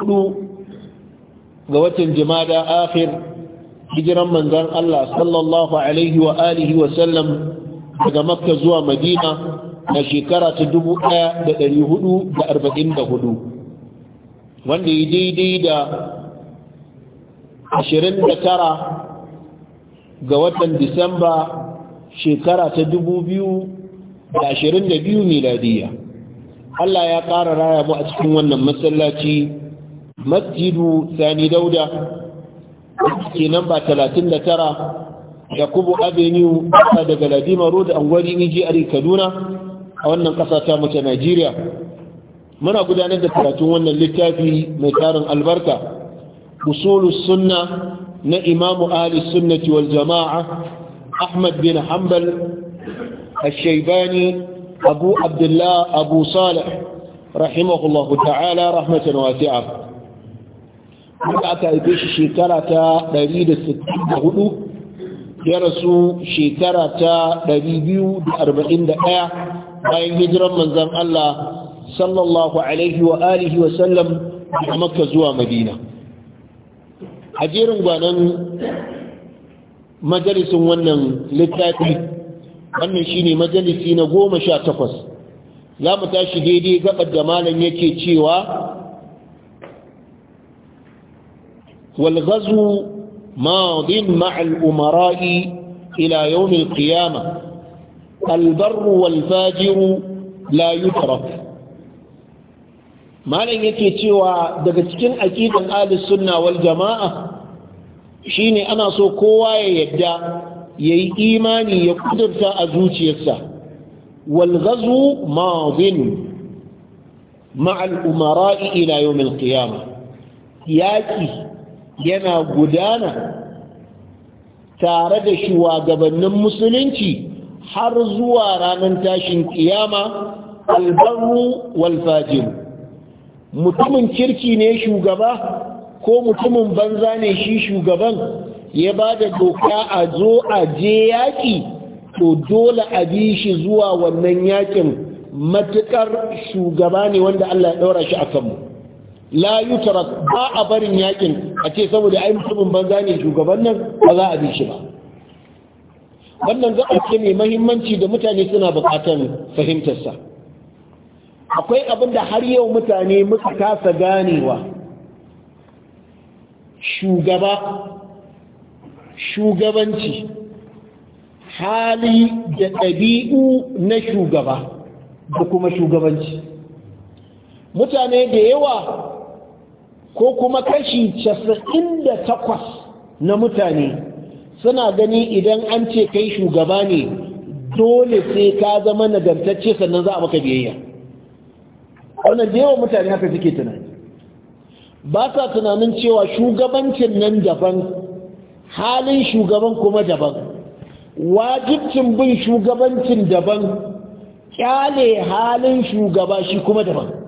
hudu ga watan jimada akhir hijiran manzan Allah sallallahu alaihi wa alihi wa sallam daga makka zuwa madina na shekara ta dubu da da da dari hudu arba'in hudu. wanda ya daidai da ashirin da tara ga watan disamba shekara ta dubu biyu da da ashirin 2022 miladiya Allah ya ƙara raya mu a cikin wannan masallaci masjidu sani dauda ke namba 39 yakubu avenue ƙasa daga ladima road angwari nijiyar e, kaduna a wannan ƙasa ta mace najeriya muna gudanar da karatun wannan littafi mai tarin albarka usulus sunna na imamu Ali, sunnati wal jama'a ahmad bin hanbal الشيباني أبو عبد الله أبو صالح رحمه الله تعالى رحمة واسعة wanda aka haife shi shekara ta 164 ya rasu shekara ta 241 bayan hijiran manzan Allah sallallahu alaihi wa alihi wa sallam a makka zuwa madina a jerin gwanon majalisin wannan littafi wannan shine majalisi na goma sha takwas za mu tashi daidai gabar da malam yake cewa والغزو ماض مع الأمراء إلى يوم القيامة البر والفاجر لا يترك malam yake cewa daga cikin aƙidan ahlus sunna wal jama'a shine ana so kowa ya yadda yi imani ya kudurta a zuciyarsa wal ghazu madin ma'a al umara'i ila yawm al qiyamah yana gudana tare da shugabannin musulunci har zuwa ranar tashin kiyama albarru walfajiru mutumin kirki ne shugaba ko mutumin banza ne shi shugaban ya ba da doka a zo a je yaƙi to dole a bi shi zuwa wannan yaƙin matuƙar shugaba ne wanda Allah ya ɗaura shi a kanmu la yutarak ba a barin yakin a ce saboda ai mutumin banza ne shugaban nan ba za a bi shi ba wannan gaba ce mai mahimmanci da mutane suna bukatar fahimtarsa akwai abin da har yau mutane muka kasa ganewa shugaba shugabanci hali da ɗabi'u na shugaba da kuma shugabanci mutane da yawa ko kuma kashi casa'in da takwas na mutane suna gani idan an ce kai shugaba ne dole sai ka zama nagartacce sannan za a maka biyayya wannan da yawan mutane haka suke tunani ba sa tunanin cewa shugabancin nan daban halin shugaban kuma daban wajibcin bin shugabancin daban kyale halin shugaba shi kuma daban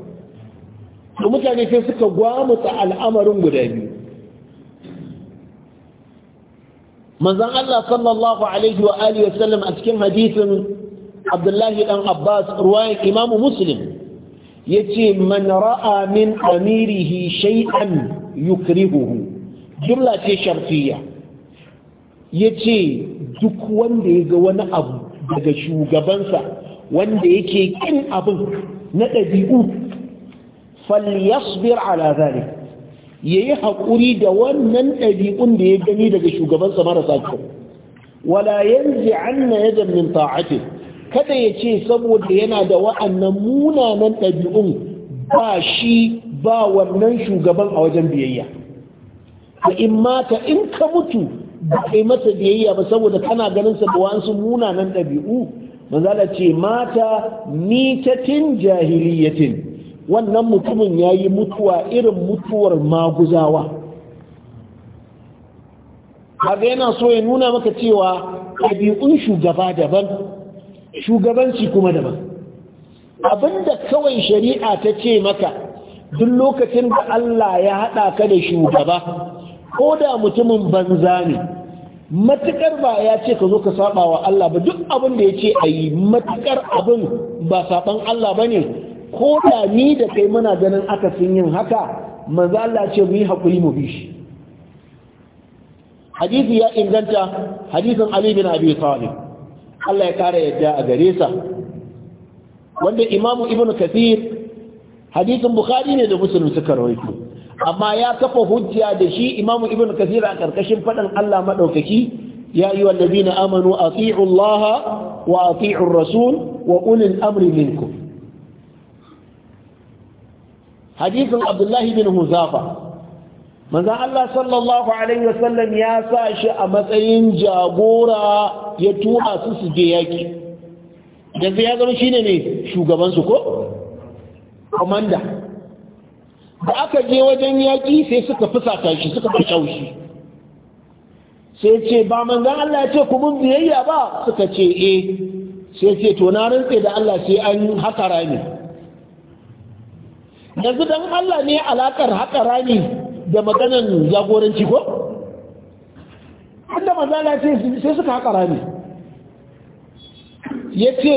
da mutane sai suka gwamuta al'amarin guda biyu manzan Allah sallallahu alaihi wa alihi wasallam a cikin hadisin abdullahi dan abbas ruwayan imamu muslim ya ce man ra'a min amirihi shay'an yukrihuhu jumla ce sharfiya ya ce duk wanda ya ga wani abu daga shugabansa wanda yake kin abin na ɗabi'u falyasbir ala ya yayi haƙuri da wannan ɗabi'un da ya gani daga shugabansa marasa kyau wala yanzi anna yadan min ta'ati kada ya ce saboda yana da wa'annan munanan ɗabi'un ba shi ba wannan shugaban a wajen biyayya a in mata in ka mutu ba kai masa biyayya ba saboda kana ganin sa da munanan ɗabi'u manzala ce mata nitatin jahiliyatin wannan mutumin ya yi mutuwa irin mutuwar maguzawa kaga yana so ya nuna maka cewa ɗabi'un shugaba daban shugabanci kuma daban abinda kawai shari'a ta ce maka duk lokacin da Allah ya haɗa ka da shugaba ko da mutumin banza ne matukar ba ya ce ka zo ka saba wa Allah ba duk abin da ya ce a yi matukar abin ba saban Allah ba ne ko da ni da kai muna ganin aka sun yin haka maza Allah ce mu yi hakuri mu bi shi hadisi ya inganta hadisin Ali bin Abi Talib Allah ya kare yadda a gare sa wanda Imam Ibn Kathir hadisin Bukhari ne da Muslim suka rawaito amma ya kafa hujja da shi Imam Ibn Kathir a karkashin fadan Allah madaukaki ya ayu allazina amanu ati'u Allah wa ati'u ar-rasul wa ulil amri minkum hadisin abdullahi bin huzafa manzan Allah sallallahu alaihi wasallam ya sa shi a matsayin jagora ya tura su su je yaki yanzu ya zama shine ne shugabansu ko komanda da aka je wajen yaki sai suka fi shi suka fi shaushi sai ce ba manzan Allah ya ce ku mun biyayya ba suka ce eh sai ce to na rantse da Allah sai an haka rami yanzu don Allah ne alakar haka rami da maganin jagoranci ko wanda mazala ce sai suka haka rami ya ce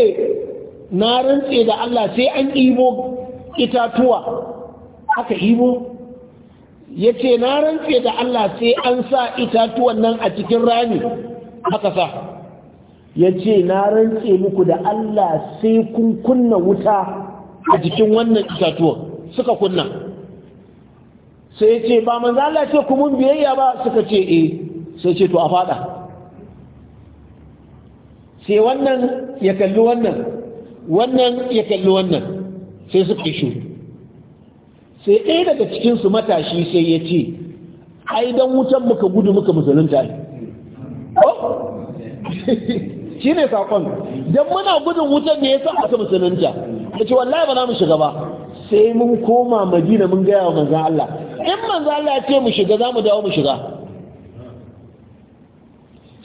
na rantse da Allah sai an ibo itatuwa aka ibo ya ce na rantse da Allah sai an sa itatuwan nan a cikin rami aka sa ya ce na rantse muku da Allah sai kun kunna wuta a jikin wannan itatuwan suka kunna sai ya ce ba manzo Allah ce ku mun biyayya ba suka ce eh sai ce to a fada sai wannan ya kalli wannan wannan ya kalli wannan sai suka yi shi sai ɗaya daga cikinsu matashi sai ya ce ai dan wutan muka gudu muka musulunta shi ne sakon don muna gudun wutan ne ya sa aka musulunta da ce wallahi ba na mu shiga ba sai mun koma madina mun gaya wa manzan Allah in manzan Allah ya ce mu shiga za mu dawo mu shiga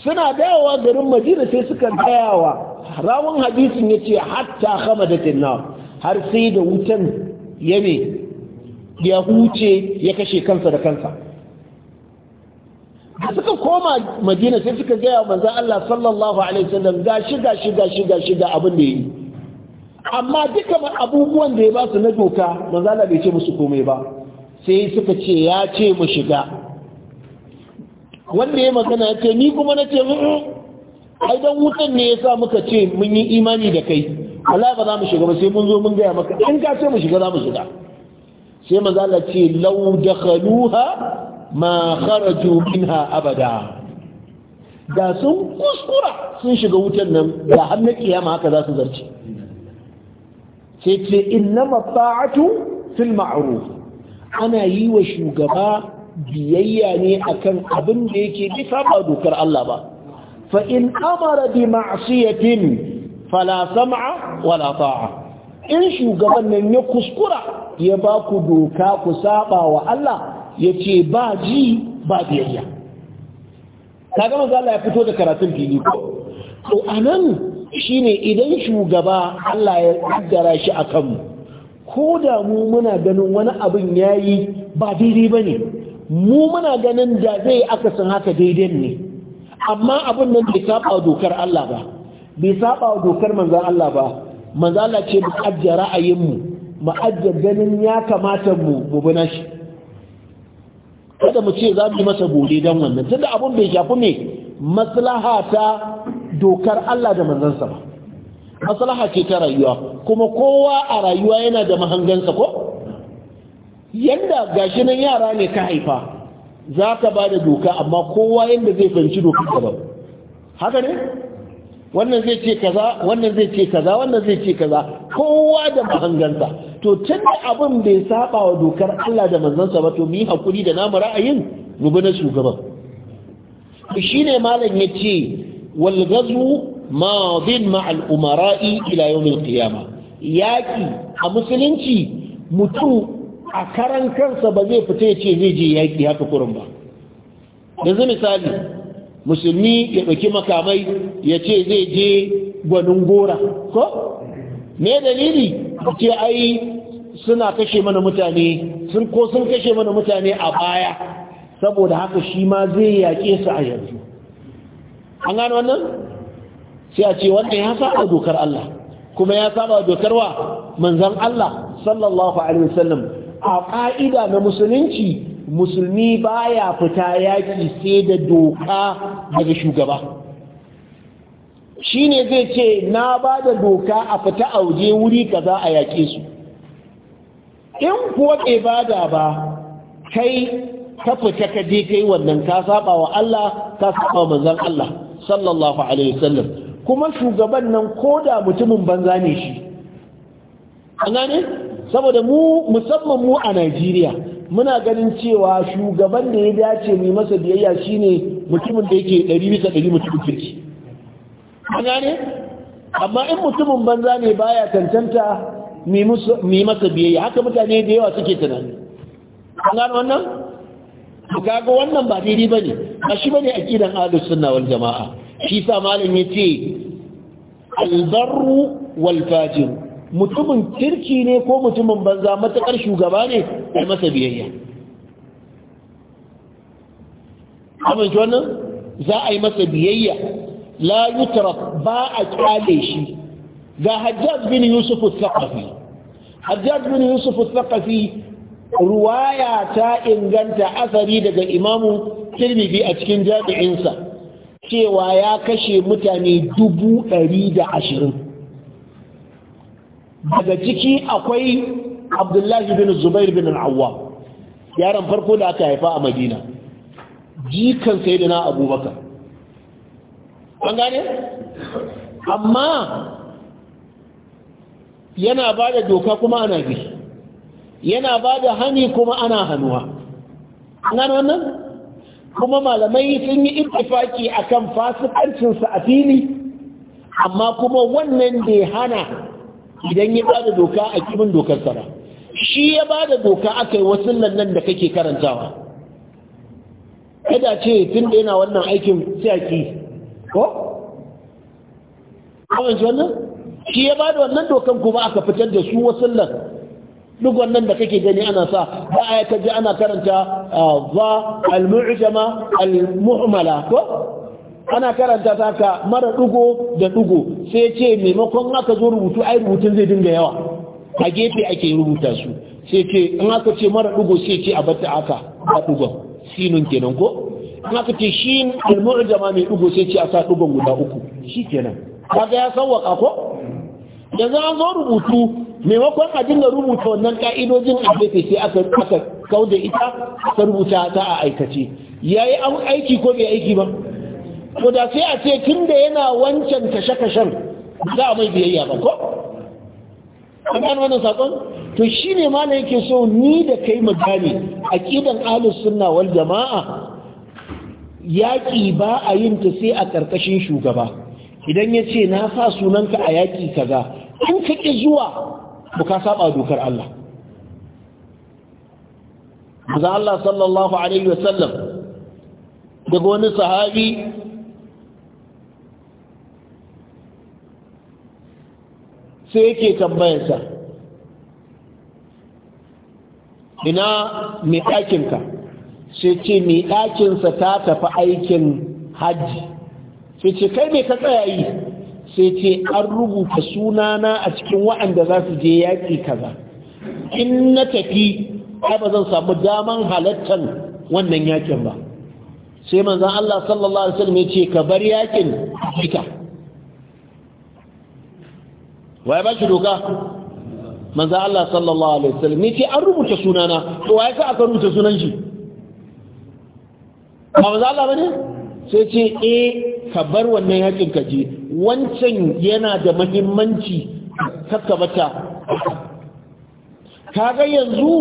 suna dawowa garin madina sai suka gaya wa rawun hadisin ya ce hatta kama da tinna har sai da wutan ya ne ya huce ya kashe kansa da kansa suka koma madina sai suka gaya wa manzan Allah sallallahu alaihi wasallam ga shiga shiga shiga shiga abin da ya yi amma duka abubuwan da ya ba su na doka manzala bai ce musu komai ba sai suka ce ya ce mu shiga wanda ya magana ya ce ni kuma na ce ai don wutan ne ya sa muka ce mun yi imani da kai wallahi ba za mu shiga ba sai mun zo mun gaya maka in ka ce mu shiga za mu shiga sai manzala ce law dakhaluha ma kharaju minha abada da sun kuskura sun shiga wutan nan da har na kiyama haka za su zarce sai ce innama ta'atu fil ma'ruf ana yi wa shugaba biyayya ne akan abin da yake bisa ba dokar Allah ba fa in amara bi ma'siyatin fala sam'a wala ta'a in shugaban nan ya kuskura ya ba ku doka ku saba wa Allah yace ba ji ba biyayya kaga manzo Allah ya fito da karatun fili ko to anan shine idan shugaba Allah ya kaddara shi a kanmu ko da mu muna ganin wani abin ya yi ba daidai ba ne mu muna ganin da zai akasin haka daidai ne amma abin nan bai saba dokar Allah ba bai saba dokar manzan Allah ba manzan Allah ce mu ra'ayinmu mu ganin ya kamata mu mu shi kada mu ce za mu yi masa gode don wannan tunda abin bai shafi mai maslaha ta dokar Allah da manzansa ba maslaha ce ta rayuwa kuma kowa a rayuwa yana da mahangansa ko yanda gashi nan yara ne ka haifa za ka ba da doka amma kowa yanda zai fahimci dokar ka ba haka ne wannan zai ce kaza wannan zai ce kaza wannan zai ce kaza kowa da mahangansa to tunda abin bai saba wa dokar Allah da manzansa ba to mu yi hakuri da namu ra'ayin mu bi na shugaban shine malam yace والغزو ماض مع الأمراء إلى يوم القيامة ba zai fita ya ce zai je زيجي haka هكا ba. yanzu misali musulmi ya ɗauki makamai ya ce zai je gwanin gora ko? me dalili ce ai suna kashe mana mutane sun ko sun kashe mana mutane a baya saboda haka shi ma zai yaƙe su a yanzu an gano wannan sai a ce wanda ya saba dokar Allah kuma ya saba dokar wa manzon Allah sallallahu alaihi wasallam a ka'ida na musulunci musulmi baya fita yaki sai da doka daga shugaba shine zai ce na ba da doka a fita a waje wuri kaza a yaƙe su in kuwa bai bada ba kai ka fita ka je kai wannan ka saba wa Allah ka saba manzon Allah sallallahu alaihi wasallam kuma shugaban nan koda mutumin banza ne shi anane gane saboda mu musamman mu a Najeriya muna ganin cewa shugaban da ya dace mai masa biyayya shine mutumin da yake 100 mutumin kirki anane gane amma in mutumin banza ne baya tantanta mai masa biyayya haka mutane da yawa suke tunani an gane wannan to kaga wannan ba daidai bane ba shi bane aqidan ahlus sunna wal jamaa shi sa malami yace albarru wal fajir mutumin kirki ne ko mutumin banza matakar shugaba ne ai masa biyayya amma jona za a yi masa biyayya la yutraf ba a kale shi ga hajjaj bin yusuf al-thaqafi hajjaj bin yusuf al-thaqafi ruwaya ta inganta asari daga imamu tirmidhi a cikin jami'insa cewa ya kashe mutane dubu ɗari da ashirin daga ciki akwai abdullahi bin zubair bin al'awwa yaron farko da aka haifa a madina jikan sai da na abubakar an gane? amma yana ba da doka kuma ana gishi yana ba da hani kuma ana hannuwa gano wannan kuma malamai sun yi ittifaki akan fasikancinsa a fili amma kuma wannan ya hana idan ya ba da doka a kimin dokar sara shi ya ba da doka aka yi wasu nan da kake karantawa kada ce tun da yana wannan aikin siyaki ko? kawai wannan shi ya ba da wannan dokan kuma aka fitar da su wasu lannan duk nan da kake gani ana sa ba a yi kaji ana karanta za al-mu'jama al-mu'mala ko ana karanta ta ka mara dugo da dugo sai ce maimakon aka zo rubutu ai rubutun zai dinga yawa a gefe ake rubuta su sai ce in aka ce mara dugo sai ce a batta aka a dugon sinun kenan ko in aka ce shi al-mu'jama mai dugo sai ce a sa dugon guda uku shikenan kaga ya sawwaka ko yanzu an zo rubutu maimakon a dinga rubuta wannan ka'idojin a gefe sai aka aka kauda ita aka rubuta ta a aikace yayi aiki ko bai aiki ba to da sai a ce da yana wancan kashe-kashen za a mai biyayya ba ko an gano wannan sakon to shine ma yake so ni da kai mu gane aqidan ahlus sunna wal jamaa yaƙi ba a yin ta sai a ƙarƙashin shugaba idan yace na sa sunanka a yaƙi kaza in ka ƙi zuwa to ka saba dokar Allah manzo Allah sallallahu alaihi wa sallam. daga wani sahabi sai yake tambayarsa ina mai ɗakinka sai ce mai ɗakinsa ta tafi aikin hajji sai ce kai mai ka tsaya yi sai ce an rubuta sunana a cikin waɗanda za su je yaƙi kaza in na tafi ai ba zan samu daman halattar wannan yakin ba sai manzan Allah sallallahu Alaihi wasallam ya ce ka bar yakin fita ya ba shi doka manzan Allah sallallahu Alaihi wasallam ya ce an rubuta sunana to ya ka aka rubuta sunan shi ba manzan Allah ba ne? sai ce e ka bar wannan yakin ka je wancan yana da mahimmanci Kaka bata ga yanzu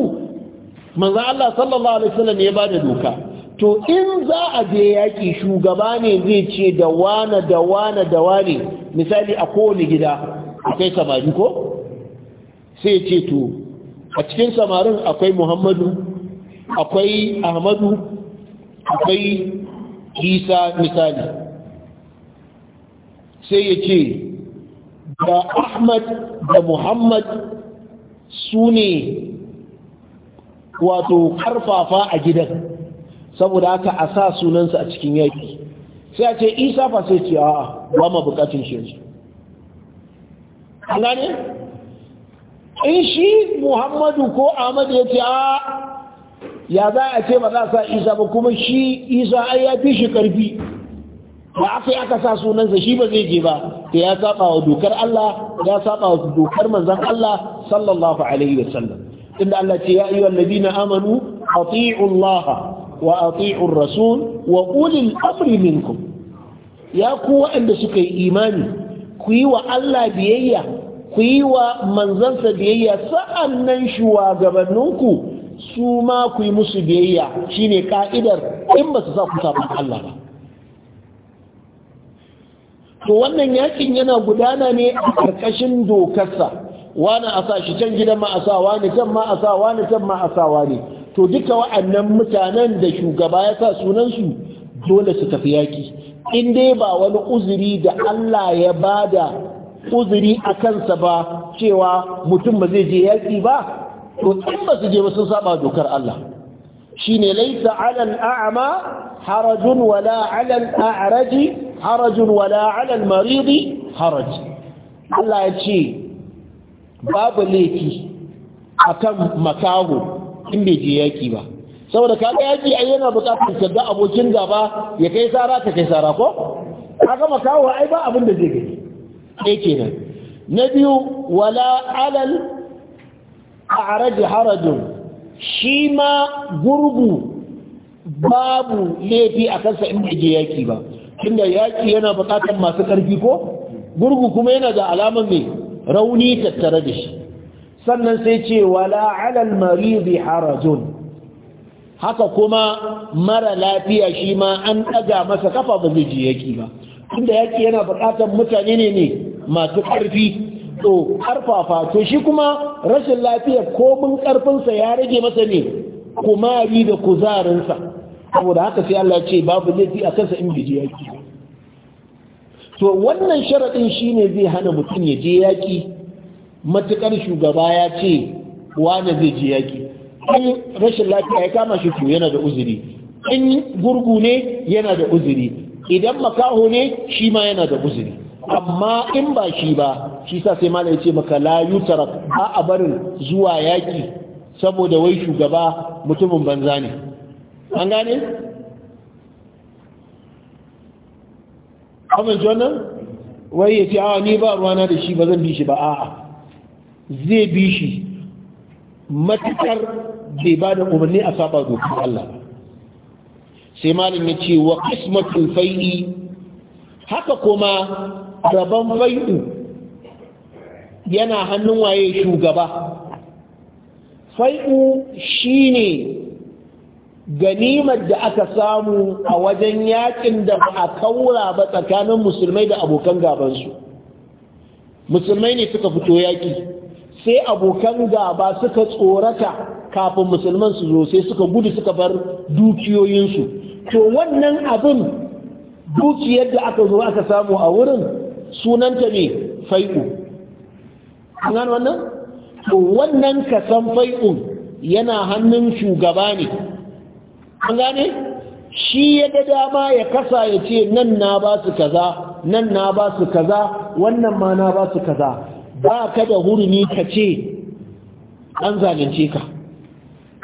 manzo Allah sallallahu alaihi wasallam ya bada doka to in za a je yaki shugaba ne zai ce da wane da wane da wane misali a kowane gida akwai samari ko sai ce to a cikin samarin akwai Muhammadu akwai Ahmadu akwai isa misali sai ya ce da ahmad da muhammad su ne wato karfafa a gidan saboda haka a sa sunansa a cikin yaki sai a ce isa fa sai ce a ba ma bukatun shi yanzu an gane in shi muhammadu ko ahmad ya ce a ya za a ce ba za a sa isa ba kuma shi isa ai ya fi shi karfi ba aka yi aka sa sunansa shi ba zai je ba da ya saba wa dokar Allah ya saba wa dokar manzon Allah sallallahu alaihi sallam inda Allah ce ya ayyuhal ladina amanu ati'u Allah wa ati'u rasul wa ulil amri minkum ya ku waɗanda suka yi imani ku yi wa Allah biyayya ku yi wa manzansa biyayya sa'annan shuwagabanninku su ma ku yi musu biyayya shi ne ka'idar in ba su sa ku samu Allah ba to wannan yakin yana gudana ne a ƙarƙashin dokarsa wani a sa shi can gidan ma a sa wani can ma a sa wani can ma a sa wani to duka wa'annan mutanen da shugaba ya sa sunansu dole su tafi yaki in dai ba wani uzuri da Allah ya bada uzuri a kansa ba cewa mutum ba zai je yaki ba to in ba su je ba sun saba dokar Allah shine laisa alal a'ma harajun wala alal a'raji harajun wala alal maridi haraj Allah ya ce babu laifi akan makaho in bai je yaki ba saboda kaga yaki ai yana bukatar ka ga abokin gaba ya kai sara ka kai sara ko kaga makaho ai ba abin da zai gani kenan na biyu wala alal a'raj harajun shi ma gurgu babu laifi a kansa in bai je yaki ba inda yaƙi yana bukatar masu ƙarfi ko gurgu kuma yana da alamar mai rauni tattare da shi sannan sai ce wala alal maridi harajun haka kuma mara lafiya shi ma an ɗaga masa kafa ba zai je yaki ba inda yaƙi yana bukatar mutane ne masu ƙarfi. to karfafa to shi kuma rashin lafiya komin karfinsa ya rage masa ne kumari da kuzarinsa saboda haka sai Allah ce babu laifi a kansa in biji yaki to wannan sharaɗin shine zai hana mutum ya je yaki matukar shugaba ya ce wani zai je yaki in rashin lafiya ya kama shi to yana da uzuri in gurgu ne yana da uzuri idan makaho ne shi ma yana da uzuri amma in ba shi ba shi sa sai ya ce maka la yutara ba a barin zuwa yaki saboda wai shugaba mutumin banza ne an gane kamar jonan wai ya ce awa ni ba ruwana da shi ba zan bi shi ba a'a zai bi shi matukar bai ba da umarni a saba dokin Allah sai malin ya ce wa kismatin fai'i haka kuma rabon fai'u yana hannun waye shugaba fai'u shi ne ganimar da aka samu a wajen yakin da ba a kaura ba tsakanin musulmai da abokan gabansu musulmai ne suka fito yaki sai abokan gaba suka tsorata kafin musulman su zo sai suka gudu suka bar dukiyoyinsu to wannan abin dukiyar da aka zo aka samu a wurin sunanta ne fai'u wannan to wannan kasan fai'un yana hannun shugaba ne an gane shi ya da dama ya kasa ya ce nan na ba su kaza nan na ba su kaza wannan ma na ba su kaza ba ka da hurumi ka ce an zalunce ka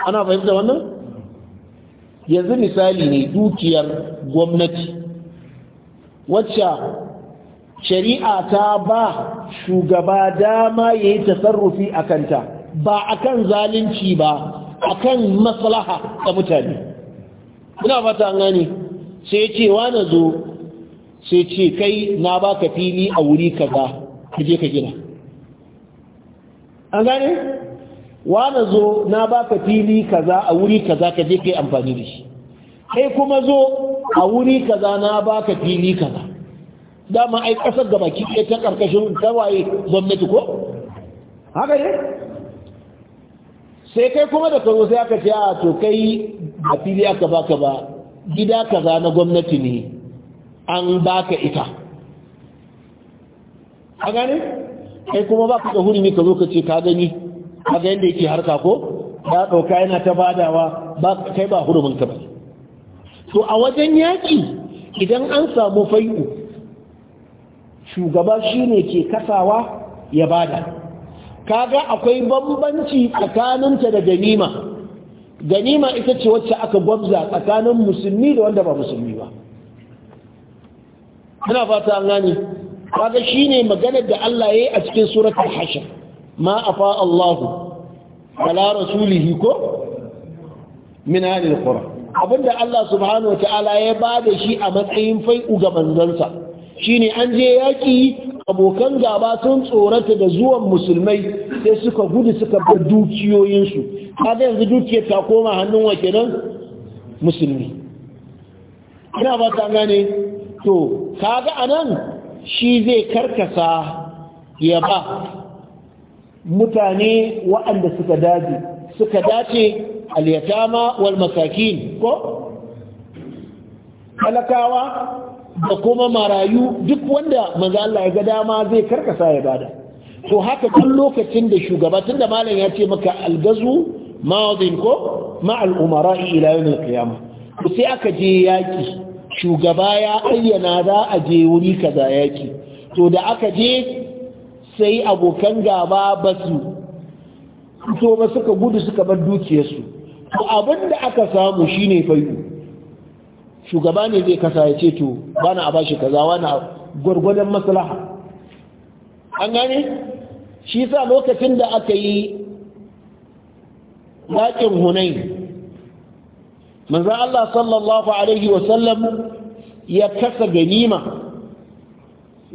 ana fahimta wannan yanzu misali ne dukiyar gwamnati wacce shari'a ta ba shugaba dama ya yi tasarrufi a kanta ba a kan zalunci ba a kan maslaha ga mutane ina fata gani sai ce na zo sai ce kai na ba ka fili a wuri kaza ka je ka gina an gane na zo na ba ka fili kaza a wuri kaza ka je ka yi amfani da shi kai kuma zo a wuri kaza na baka fili kaza dama ai kasar gaba ki ta karkashin tawaye gwamnati ko haka ne sai kai kuma da karo sai aka ce a to kai a fili aka baka ba gida kaza na gwamnati ne an baka ita a gani? kai kuma ba ka da hurumi ka zo ka ce ka gani a ga yadda yake harka ko ya ɗauka yana ta badawa kai ba hurumin ka to a wajen yaki, idan an samu fai'u shugaba shine ke kasawa ya bada kaga akwai bambanci tsakaninta da ganima ganima ita ce wacce aka gwabza tsakanin musulmi da wanda ba musulmi ba ana fata an gane kaga ne maganar da Allah ya yi a cikin al hashr ma afa Allahu ala rasulihi ko min ahli alqura Abin da Allah subhanahu Ta'ala ya ba da shi a matsayin fai ga manzansa shine an je yaƙi abokan gaba sun tsorata da zuwan musulmai sai suka gudu suka bar dukiyoyinsu kaga yanzu dukiyar ta koma hannun wake nan musulmi ina ba ta gane to kaga anan shi zai karkasa ya ba mutane waɗanda suka dace suka dace al ma wal masakin ko da kuma marayu duk wanda manzo Allah ya ga dama zai karkasa ya to haka kan lokacin da shugaba tunda malam ya ce maka algazu madin ko ma al-umara ila yawm al-qiyama to sai aka je yaki shugaba ya ayyana za a je wuri kaza yaki to da aka je sai abokan gaba basu to ba suka gudu suka bar dukiyarsu to abin da aka samu shine faiku shugaba ne zai kasa ya ce to bana a bashi kaza na gwargwadon maslaha an gane shi sa lokacin da aka yi yakin hunai manzo Allah sallallahu alaihi wasallam ya kasa ganima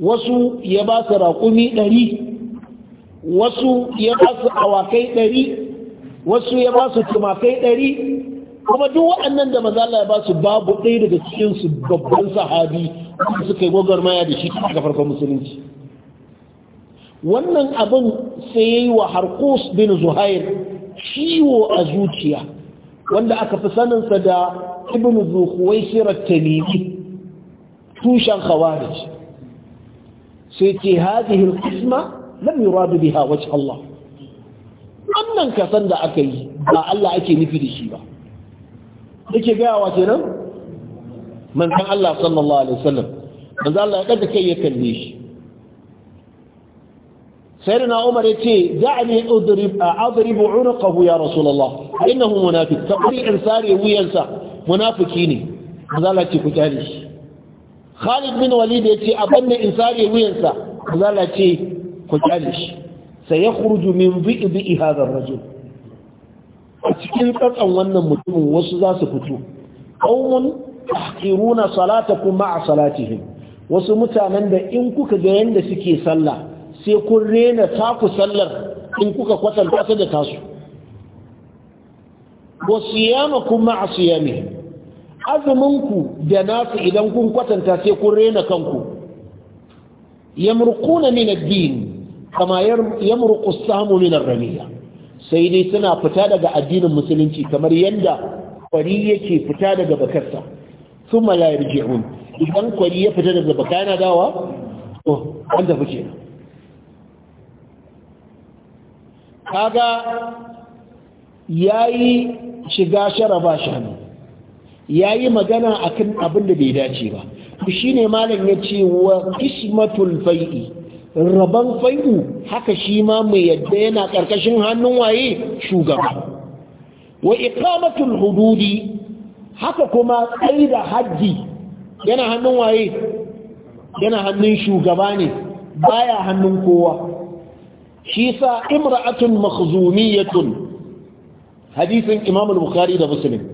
wasu ya ba su raƙumi ɗari wasu ya ba su awakai ɗari wasu ya ba su tumakai ɗari kuma duk waɗannan da mazala ya ba su babu ɗaya daga cikinsu babban sahabi wanda suka yi gwagwarmaya da shi a farkon musulunci wannan abin sai ya yi wa harkus bin zuhair ciwo a zuciya wanda aka fi saninsa da ibn zuhuwai sirar talimi tushen khawarij sai ce hadihil qisma lam yuradu biha wajh Allah wannan kasan da aka yi ba Allah ake nufi da shi ba yake gaya wa kenan san Allah sallallahu alaihi wasallam manzon Allah ya daga kai ya kalle shi sayyidina Umar yace da'ni udrib adrib unqahu ya rasulullah innahu munafiq tabri insari wuyansa munafiki ne manzon Allah ce ku tare shi Khalid bin Walid yace abanne insari wuyansa manzon Allah ce ku tare shi sayakhruju min dhi'bi hadha ar-rajul a cikin tsatsan wannan mutumin wasu za su fito qaumun tahqiruna salatakum ma'a salatihim wasu mutanen da in kuka ga yanda suke sallah sai kun rena taku sallar in kuka kwatanta ta da tasu wa siyamakum ma'a siyamihim ku da nasu idan kun kwatanta sai kun rena kanku yamruquna min ad-din kama yamruqu as-samu min ar-ramiya sai dai suna fita daga addinin musulunci kamar yanda kwari yake fita daga bakarsa thumma la yarji'un idan kwari ya fita daga baka yana dawa to an tafi kenan kaga yayi shiga sharaba shanu yayi magana akan abin da bai dace ba shine malam yace wa qismatul fai'i rabon fai'u haka shi ma mai yadda yana ƙarƙashin hannun waye shugaba wa iqamatul hududi haka kuma tsaida haji yana hannun waye yana hannun shugaba ne baya hannun kowa shi sa imra'atun makhzumiyatun hadisin imam al-bukhari da muslim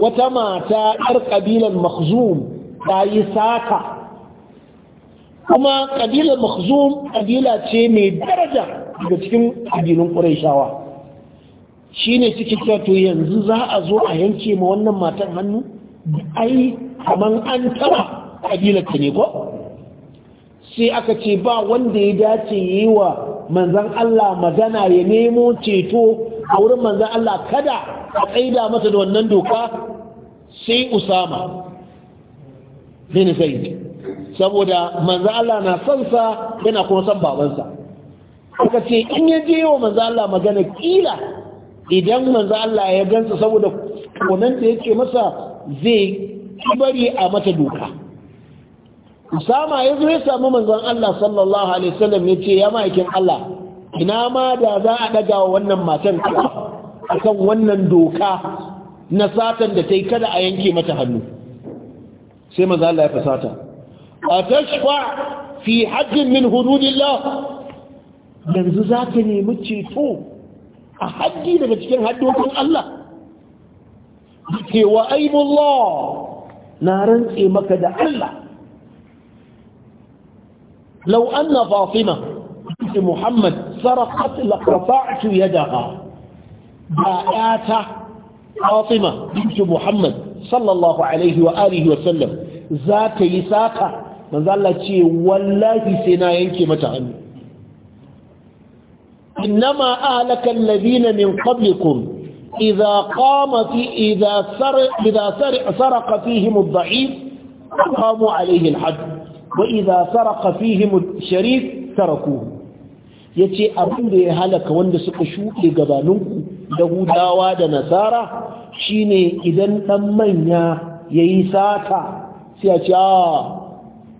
wata mata 'yar kabilan makhzum ta yi kuma kabilar makhzum kabila ce mai daraja daga cikin kabilun ƙurayshawa shi ne suke cewa to yanzu za a zo a yanke ma wannan matan hannu ai kaman an tara kabilar ta ne ko sai aka ce ba wanda ya dace yi wa manzan Allah magana ya nemo ceto a wurin manzan Allah kada a tsaida masa da wannan doka sai usama bin zaid saboda manzo Allah na son sa yana kuma son babansa aka ce in ya je wa manzo Allah magana kila idan manzo Allah ya gansa saboda da yake masa zai bari a mata doka Usama ya zo ya samu manzo Allah sallallahu alaihi wasallam ya ce ya ma'aikin Allah ina ma da za a daga wa wannan matan akan wannan doka na satan da ta yi kada a yanke mata hannu sai manzo Allah ya fasata أ في حد من هدود الله يمزو ذاتني متشيكو أ ح د ي لك الله و أ الله نارن في م الله لو أن فاطمة بنت محمد سرقت لقطعت يدها باءات ف بنت محمد صلى الله عليه وآله وسلم ذات يساقه manzo Allah ce wallahi sai na yanke mata hannu innama ahlakal alladhina min qablikum idza qama fi idza sar idza sar saraqa fihim ad-da'if qamu alayhi al-hadd wa idza saraqa fihim ash-sharif tarakuhu yace abin da ya halaka wanda suka shuke gabaninku da hudawa da nasara shine idan dan manya yayi sata sai a ce ah,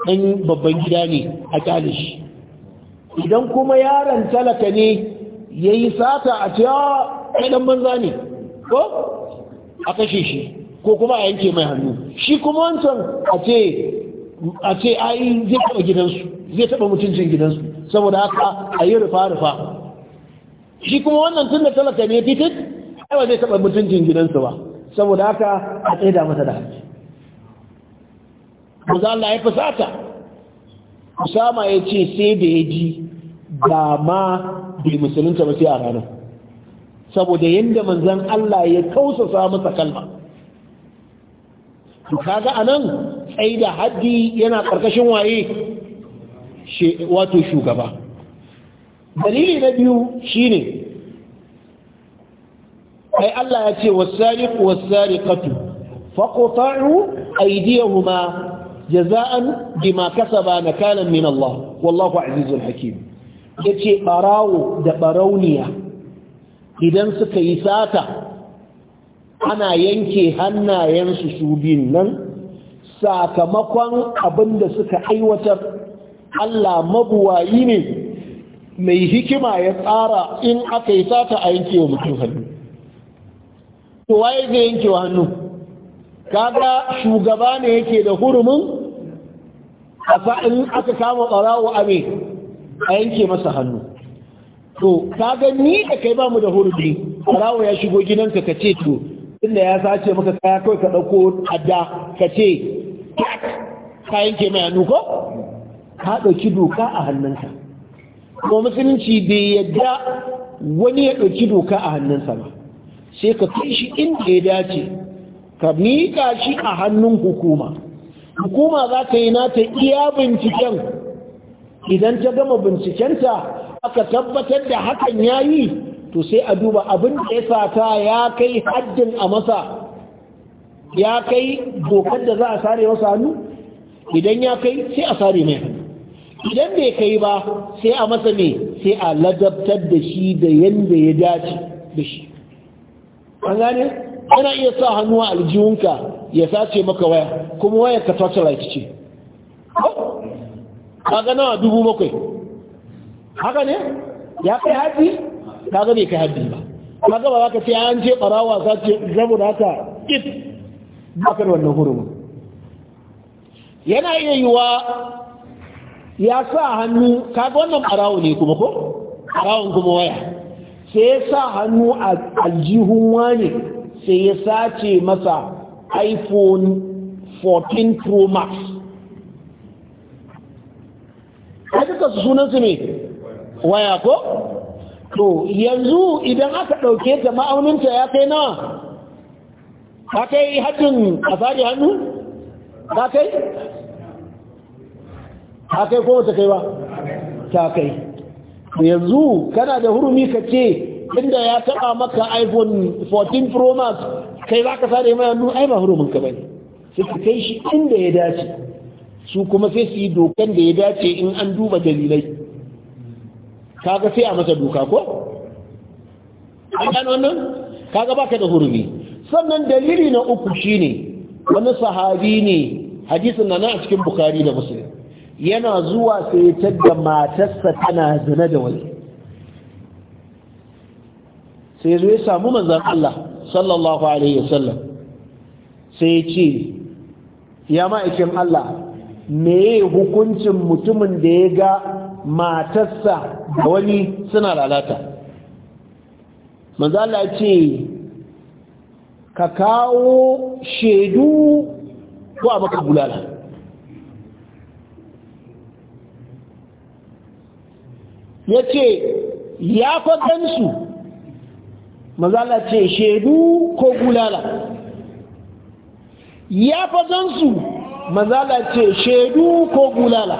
ɗan babban gida ne a ƙyale shi idan kuma yaron talaka ne ya yi sata a cewa ah, ɗan banza ne ko a kashe shi ko kuma a yanke mai hannu shi kuma wancan a ce a yi zai taɓa gidansu zai taɓa mutuncin gidansu saboda haka a yi rufa-rufa shi kuma wannan tun da talaka ne titit ai ba zai taɓa mutuncin gidansu ba saboda haka a tsaye da mata da hannu za Allah ya fusata Usama ya ce sai da ya ji dama ma bai musulunta ba sai a ranar saboda yadda manzan Allah ya kausasa masa kalma to kaga anan tsaye da haddi yana ƙarƙashin waye wato shugaba dalili na biyu shine ai Allah ya ce wasariqu wasariqatu faqta'u aydiyahuma jaza'an bima kasaba nakalan min Allah wallahu azizul hakim yace barawo da barauniya idan suka yi sata ana yanke hannayensu su biyun nan sakamakon abin da suka aiwatar Allah mabuwayi ne mai hikima ya tsara in aka yi sata a yanke wa mutum hannu to waye zai yanke wa hannu kaga shugaba ne yake da hurumin a in aka kama ɓarawo a a yanke masa hannu to ka gani da kai ba mu da hurbi ɓarawo ya shigo gidanka ka ce to inda ya sace maka kaya kawai ka ɗauko adda ka ce ka yanke mai hannu ko ka ɗauki doka a hannunka ko musulunci bai yadda wani ya ɗauki doka a hannunsa ba sai ka kai shi inda ya dace ka miƙa shi a hannun hukuma hukuma za ta yi nata iya binciken idan ta gama bincikenta aka tabbatar da hakan ya yi to sai a duba abin da ya sata ya kai haddin a masa ya kai dokar da za a sare wasu hannu idan ya kai sai a sare mai idan bai kai ba sai a masa ne sai a ladabtar da shi da yadda ya dace da shi an gane yana iya sa hannu a aljihunka ya sace maka waya kuma wayar ka satellite ce kaga nawa dubu bakwai haka ne ya kai haddi kaga bai kai haddi ba kaga ba za ka ce an ce barawa sace saboda haka it ba ka da wannan hurumin yana iya yi wa ya sa hannu kaga wannan barawa ne kuma ko barawan kuma waya sai ya sa hannu a aljihun wani sai ya sace masa iphone 14 pro max a duka su sunansu ne waya ko? to yanzu idan aka ɗauke ta ma'auninta ya kai nawa ka kai haddin a tsari hannu? ka kai? ka kai ko wata kai ba? ta kai yanzu kana da hurumi ka ce inda ya taba maka iphone 14 pro max kai za ka sare mai hannu ai ba hurumin ka bane sai ka kai shi inda ya dace su kuma sai su yi dokan da ya dace in an duba dalilai kaga sai a masa doka ko an gano wannan kaga baka da hurumi sannan dalili na uku shine wani sahabi ne hadisin na a cikin bukhari da muslim yana zuwa sai ya tadda matarsa tana zina da wani sai zo ya samu manzan Allah sallallahu alaihi wasallam sai ya ce ya ma'aikin Allah meye hukuncin mutumin da ya ga matarsa da wani suna lalata manzan Allah ce ka kawo shaidu ko a maka bulala ya ce ya fa gansu mazala ce shaidu ko bulala ya su mazala ce shaidu ko bulala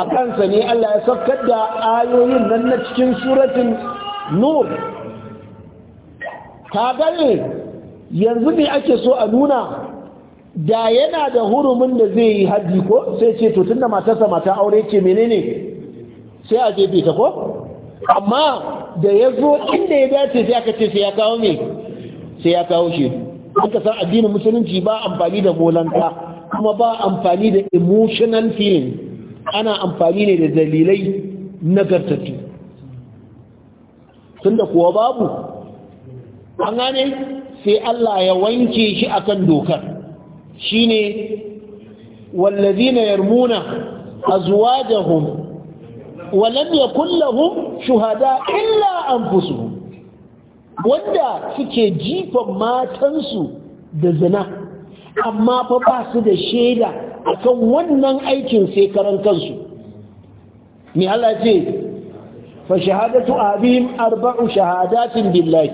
a kansa ne Allah ya saukar da ayoyin nan na cikin suratun nur ta gane yanzu ne ake so a nuna da yana da hurumin da zai yi haji ko sai ce to da matarsa mata aure ce menene sai a jefe ta ko amma da ya zo inda ya dace sai aka ce sai ya kawo me sai ya kawo shi aka san addinin musulunci ba amfani da molanta kuma ba amfani da emotional feeling ana amfani ne da dalilai na Tun tunda kuwa babu an gane sai Allah ya wanke shi akan dokar shine wallazina yarmuna azwajahum walam yakul lahum shuhada illa anfusuhum wanda suke jifan matansu da zina amma fa ba su da shaida akan wannan aikin sai karan kansu me Allah ce fa shahadatu abihim arba'u shahadatin billahi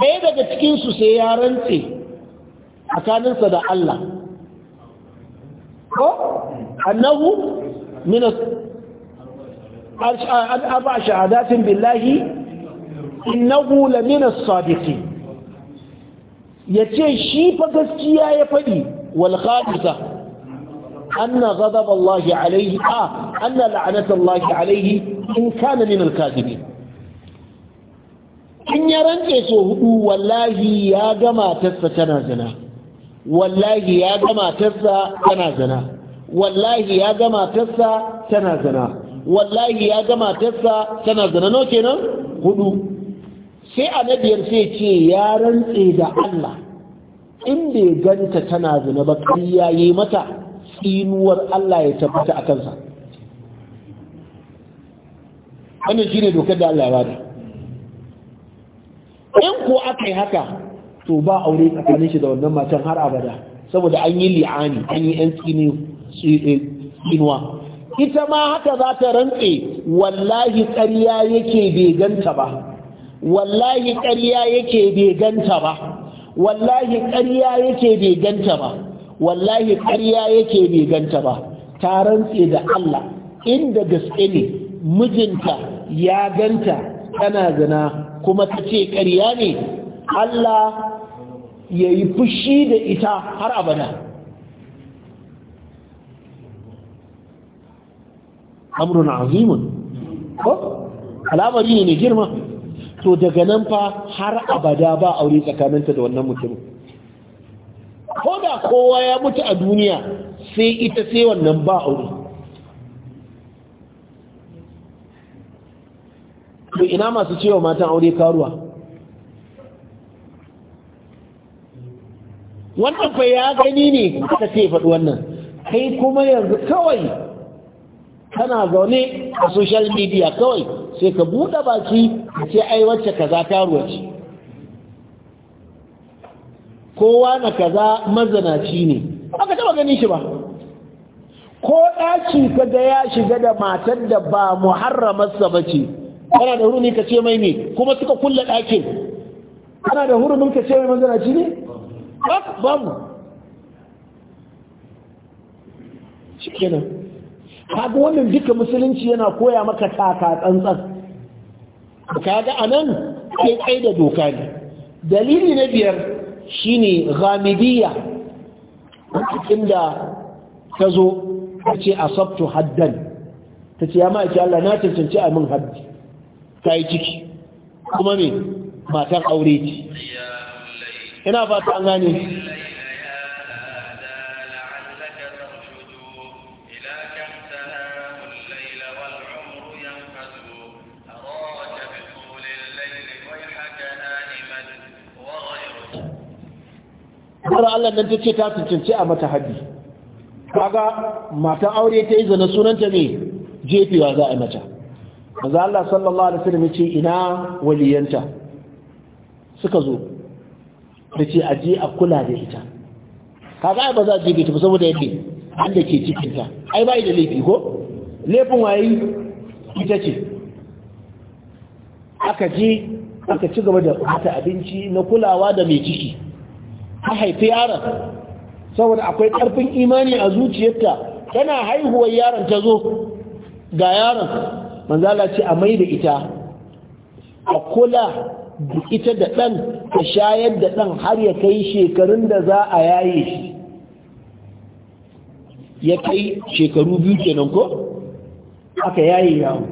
ɗaya daga cikin su sai ya rantse tsakaninsa da Allah ko annahu min أربع شهادات بالله إنه لمن الصادقين يتي شي بغسكي يا فدي والخامسة أن غضب الله عليه آه أن لعنة الله عليه إن كان من الكاذبين إن يرن يسوهو والله يا جماعة تنازنا والله يا جماعة تنازنا والله يا جماعة تنازنا, تنازنا wallahi ya ga matarsa tana zina no kenan hudu sai a nabiyar sai ce ya rantse da Allah in bai ganta tana zina ba kariya yi mata tsinuwar Allah ya tabbata a kansa wannan ne dokar da Allah ya bada in ko aka yi haka to ba aure tsakanin shi da wannan matan har abada saboda an yi li'ani an yi yan tsinuwa ita ma haka za ta rantse wallahi ƙarya yake bai ganta ba wallahi ƙarya yake bai ganta ba wallahi ƙarya yake bai ganta ba wallahi ƙarya yake bai ganta ba ta rantse da Allah inda gaske ne mijinta ya ganta tana zina kuma ta ce ƙarya ne Allah ya yi fushi da ita har abada amrun azimun ko al'amari ne girma to daga nan fa har abada ba aure tsakaninta da wannan mutumin ko da kowa ya mutu a duniya sai ita sai wannan ba aure to ina masu cewa matan aure karuwa wannan fa ya gani ne ka ce faɗi wannan kai kuma yanzu kawai kana zaune a social media kawai sai ka buɗe baki ce ai wacce kaza karuwa ce kowa na kaza mazanaci ne aka taba ganin shi ba ko ɗaci ka ga ya shiga da matar da ba muharramarsa ba ce kana da ne ka ce mai ne kuma suka kulle ɗakin kana da hurumin ka ce mai mazanaci ne mu shi kenan kaga wannan duka musulunci yana koya maka taka tsantsan kaga anan kai kai da doka ne dalili na biyar shine ghamidiyya inda ta zo ta ce asabtu haddan ta ce ya ma'aiki Allah na cancanci a min haddi ta yi ciki kuma ne matan aure ce ina fata an gane kamar Allah nan ta ce ta cancanci a mata haddi kaga matan aure ta yi zana sunanta ne jefewa za a mata manzo Allah sallallahu alaihi wasallam ina waliyanta suka zo ta ce a je a kula da ita kaga ai ba za a jefe ta ba saboda yadda an da ke cikin ta ai bai da laifi ko laifin waye ita ce aka je aka ci gaba da mata abinci na kulawa da mai ciki A haifi yaron saboda akwai ƙarfin imani a zuciyarta tana haihuwar yaron ta zo ga yaron manzala ce a mai da ita a kula da ita da ɗan ta shayar da ɗan har ya kai shekarun da za a yaye shi ya kai shekaru biyu kenan ko aka yaye yaro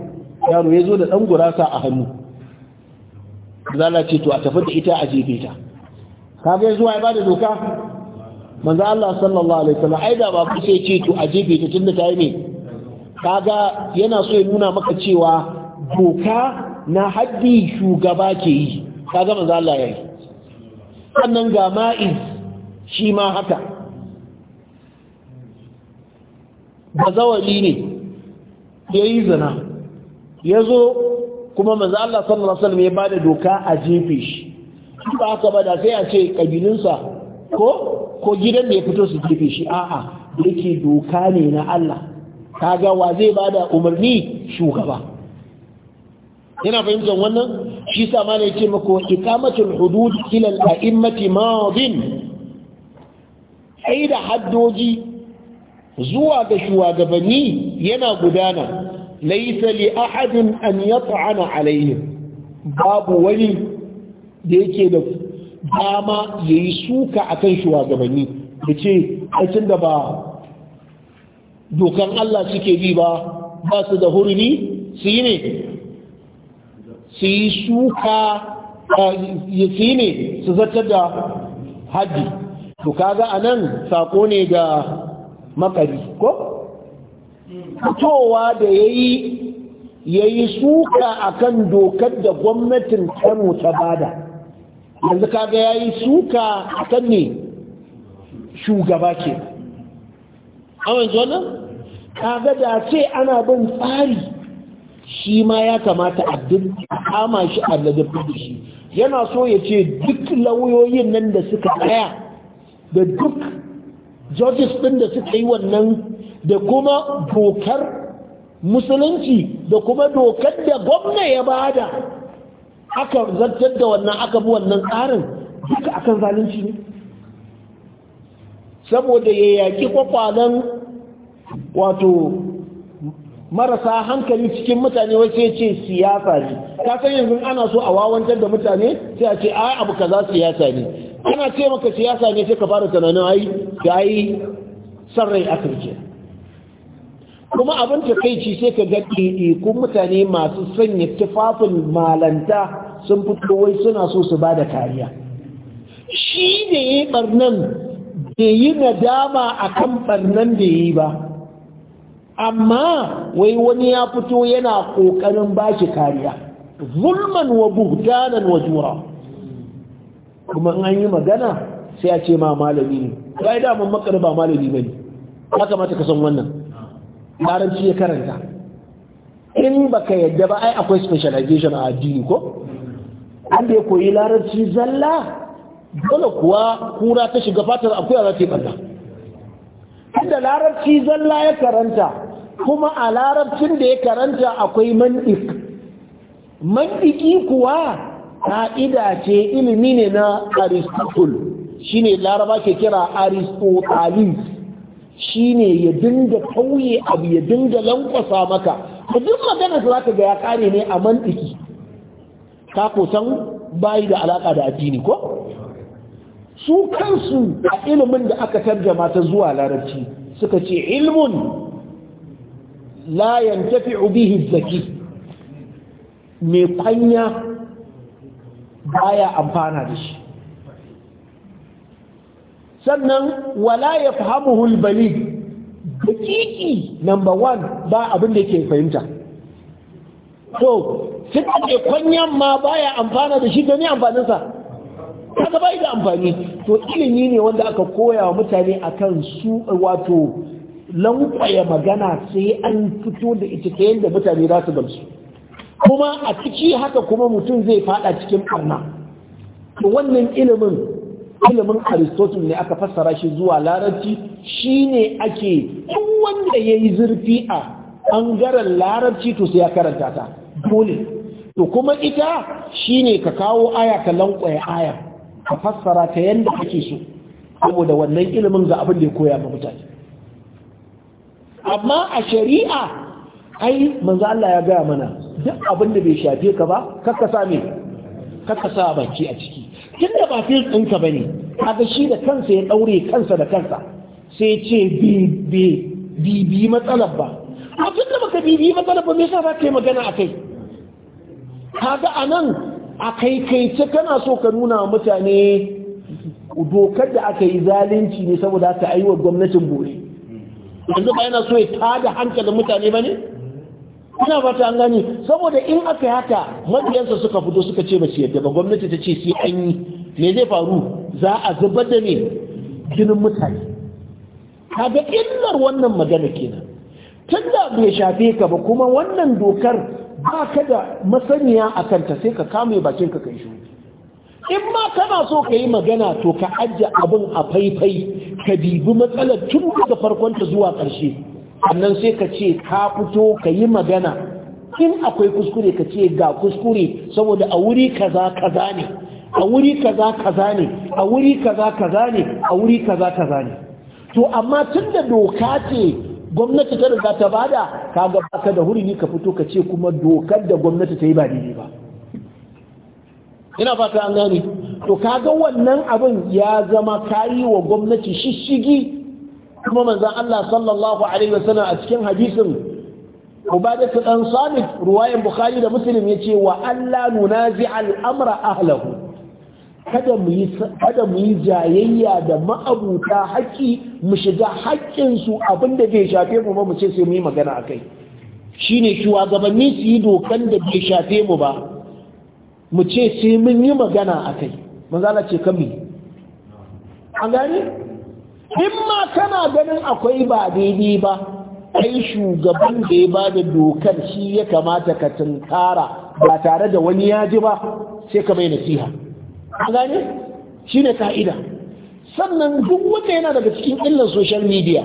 yaro ya zo da ɗan gurasa a hannu zala ce to a tafi da ita a jefe ta kage zuwa ya bada doka manzo Allah sallallahu alaihi wasallam ai da ba ku sai ce to a jefe ta tunda ta yi ne kaga yana so ya nuna maka cewa doka na haddi shugaba ke yi kaga manzo Allah yayi sannan ga ma'iz shi ma haka bazawali ne yayi zina yazo kuma manzo Allah sallallahu alaihi wasallam ya bada doka a jefe shi ba haka ba da sai a ce kabilunsa ko ko gidan da ya fito su jefe shi a'a yake doka ne na Allah kaga wa zai bada umarni shugaba yana fahimtar wannan shi sa ma ne ce mako ikamatul hudud ila al-a'immati madin da haddoji zuwa ga shugabanni yana gudana laysa li ahadin an yat'ana alaihim babu wani da yake da dama ya yi suka a kan shugabanni da ce aikin da ba dokan Allah suke bi ba ba su da hurumi su yi ne su yi suka ya su yi ne su zartar da haddi to kaga a nan sako ne ga makari ko? fitowa da ya yi ya yi suka akan dokar da gwamnatin kano ta bada yanzu kaga ya yi suka a kan ne shugaba ke awon wannan? kaga da ce ana bin tsari shi ma ya kamata a kama shi a ladabin da shi yana so ya ce duk lauyoyin nan da suka tsaya da duk judges ɗin da suka yi wannan da kuma dokar musulunci da kuma dokar da gwamna ya bada aka zartar da wannan aka bi wannan tsarin duka akan zalunci ne saboda ya yaki kwakwalen wato marasa hankali cikin mutane wace ya ce siyasa ne ta san yanzu ana so a wawantar da mutane sai a ce ai abu kaza siyasa ne ana ce maka siyasa ne sai ka fara tunanin ai ga ai san rai asirce kuma abin takaici sai ka ga ɗiɗiku mutane masu sanya tufafin malanta sun fito wai suna so su ba da kariya shi da ya yi ɓarnan da yi nadama a kan ɓarnan da ya yi ba amma wai wani ya fito yana ƙoƙarin ba shi kariya zulman wa buhdanan wa jura kuma in an yi magana sai a ce ma malami ne ya yi damar makarba malami ba ne ya kamata ka san wannan larabci ya karanta in baka yadda ba ai akwai specialization a addini ko wanda ya koyi larabci zalla dole kuwa kura ta shiga fatar akuya za ta yi ɓarna inda larabci zalla ya karanta kuma a larabcin da ya karanta akwai man'ik Mandiki kuwa ka'ida ce ilimi ne na aristotle shine laraba ke kira aristotle. Shi ne ya dinga tauye abu ya dinga lankwasa maka da duk maganar da zaka ga ya kare ne a mantiki ka kusan bayi da alaka da addini ko su kansu a ilimin da aka tarjama mata zuwa larabci suka ce ilmun la yantafi'u bihi zaki mai kwanya baya amfana da shi sannan wala ya fahimuhu bali dakiki number one ba abin da yake fahimta to suka da kwanyan ma baya amfana da shi da ni amfaninsa kaga bai da amfani to ilimi ne wanda aka koya wa mutane akan su wato lankwaya magana sai an fito da ita ta yadda mutane za su gamsu kuma a ciki haka kuma mutum zai fada cikin barna to wannan ilimin ilimin aristotle ne aka fassara shi zuwa larabci shi shine ake duk wanda ya yi zurfi a ɓangaren larabci to sai ya karanta ta dole to kuma ita shi ne ka kawo aya ka lankwaya aya ka fassara ta yadda ake so saboda wannan ilimin ga abin da ya koya ma mutane amma a shari'a ai manzo Allah ya gaya mana duk abin da bai shafe ka ba kakka sa me kakka sa baki a ciki tun da ba fil ɗinka ba ne kaga shi da kansa ya ɗaure kansa da kansa sai ce bibi matsalar ba A abin da baka bibi matsalar ba me sa za ka yi magana a kai kaga a nan a ce kana so ka nuna mutane dokar da aka yi zalunci ne saboda aka aiwa gwamnatin bore yanzu ba yana so ya tada hankalin mutane ba ne ina ba ta an gani saboda in aka haka mabiyansa suka fito suka ce ba yadda ba gwamnati ta ce sai an yi me zai faru za a zubar da ne jinin mutane kaga illar wannan magana kenan tun da bai shafe ka ba kuma wannan dokar ba ka da masaniya a kanta sai ka kame bakin ka kai shi in ma kana so ka yi magana to ka ajiye abin a faifai ka dibi matsalar tun daga farkonta zuwa ƙarshe sannan sai ka ce ka fito ka yi magana in akwai kuskure ka ce ga kuskure saboda a wuri kaza kaza ne a wuri kaza kaza ne a wuri kaza kaza ne a wuri kaza kaza ne to amma tun da doka ce gwamnati ta riga ta bada ka ga baka da hurumi ka fito ka ce kuma dokar da gwamnati ta yi ba daidai ba ina fata an gane to kaga wannan abin ya zama kayi wa gwamnati shishigi kuma manzon Allah sallallahu alaihi wasallam a cikin hadisin Ubadah dan Samit ruwayan Bukhari da Muslim yace wa allah nunazi al-amra ahlahu kada mu yi kada mu yi jayayya da ma'abuta haƙi mu shiga haƙƙin su abinda bai shafe mu ba mu ce sai mu yi magana akai shine shugabanni su yi dokan da bai shafe mu ba mu ce sai mun yi magana akai manzo Allah ce kan an gane in ma kana ganin akwai ba daidai ba ai shugaban da ya bada dokar shi ya kamata ka tunkara ba tare da wani ya ji ba sai ka mai nasiha an gane shi ne ka'ida sannan duk wanda yana daga cikin illar social media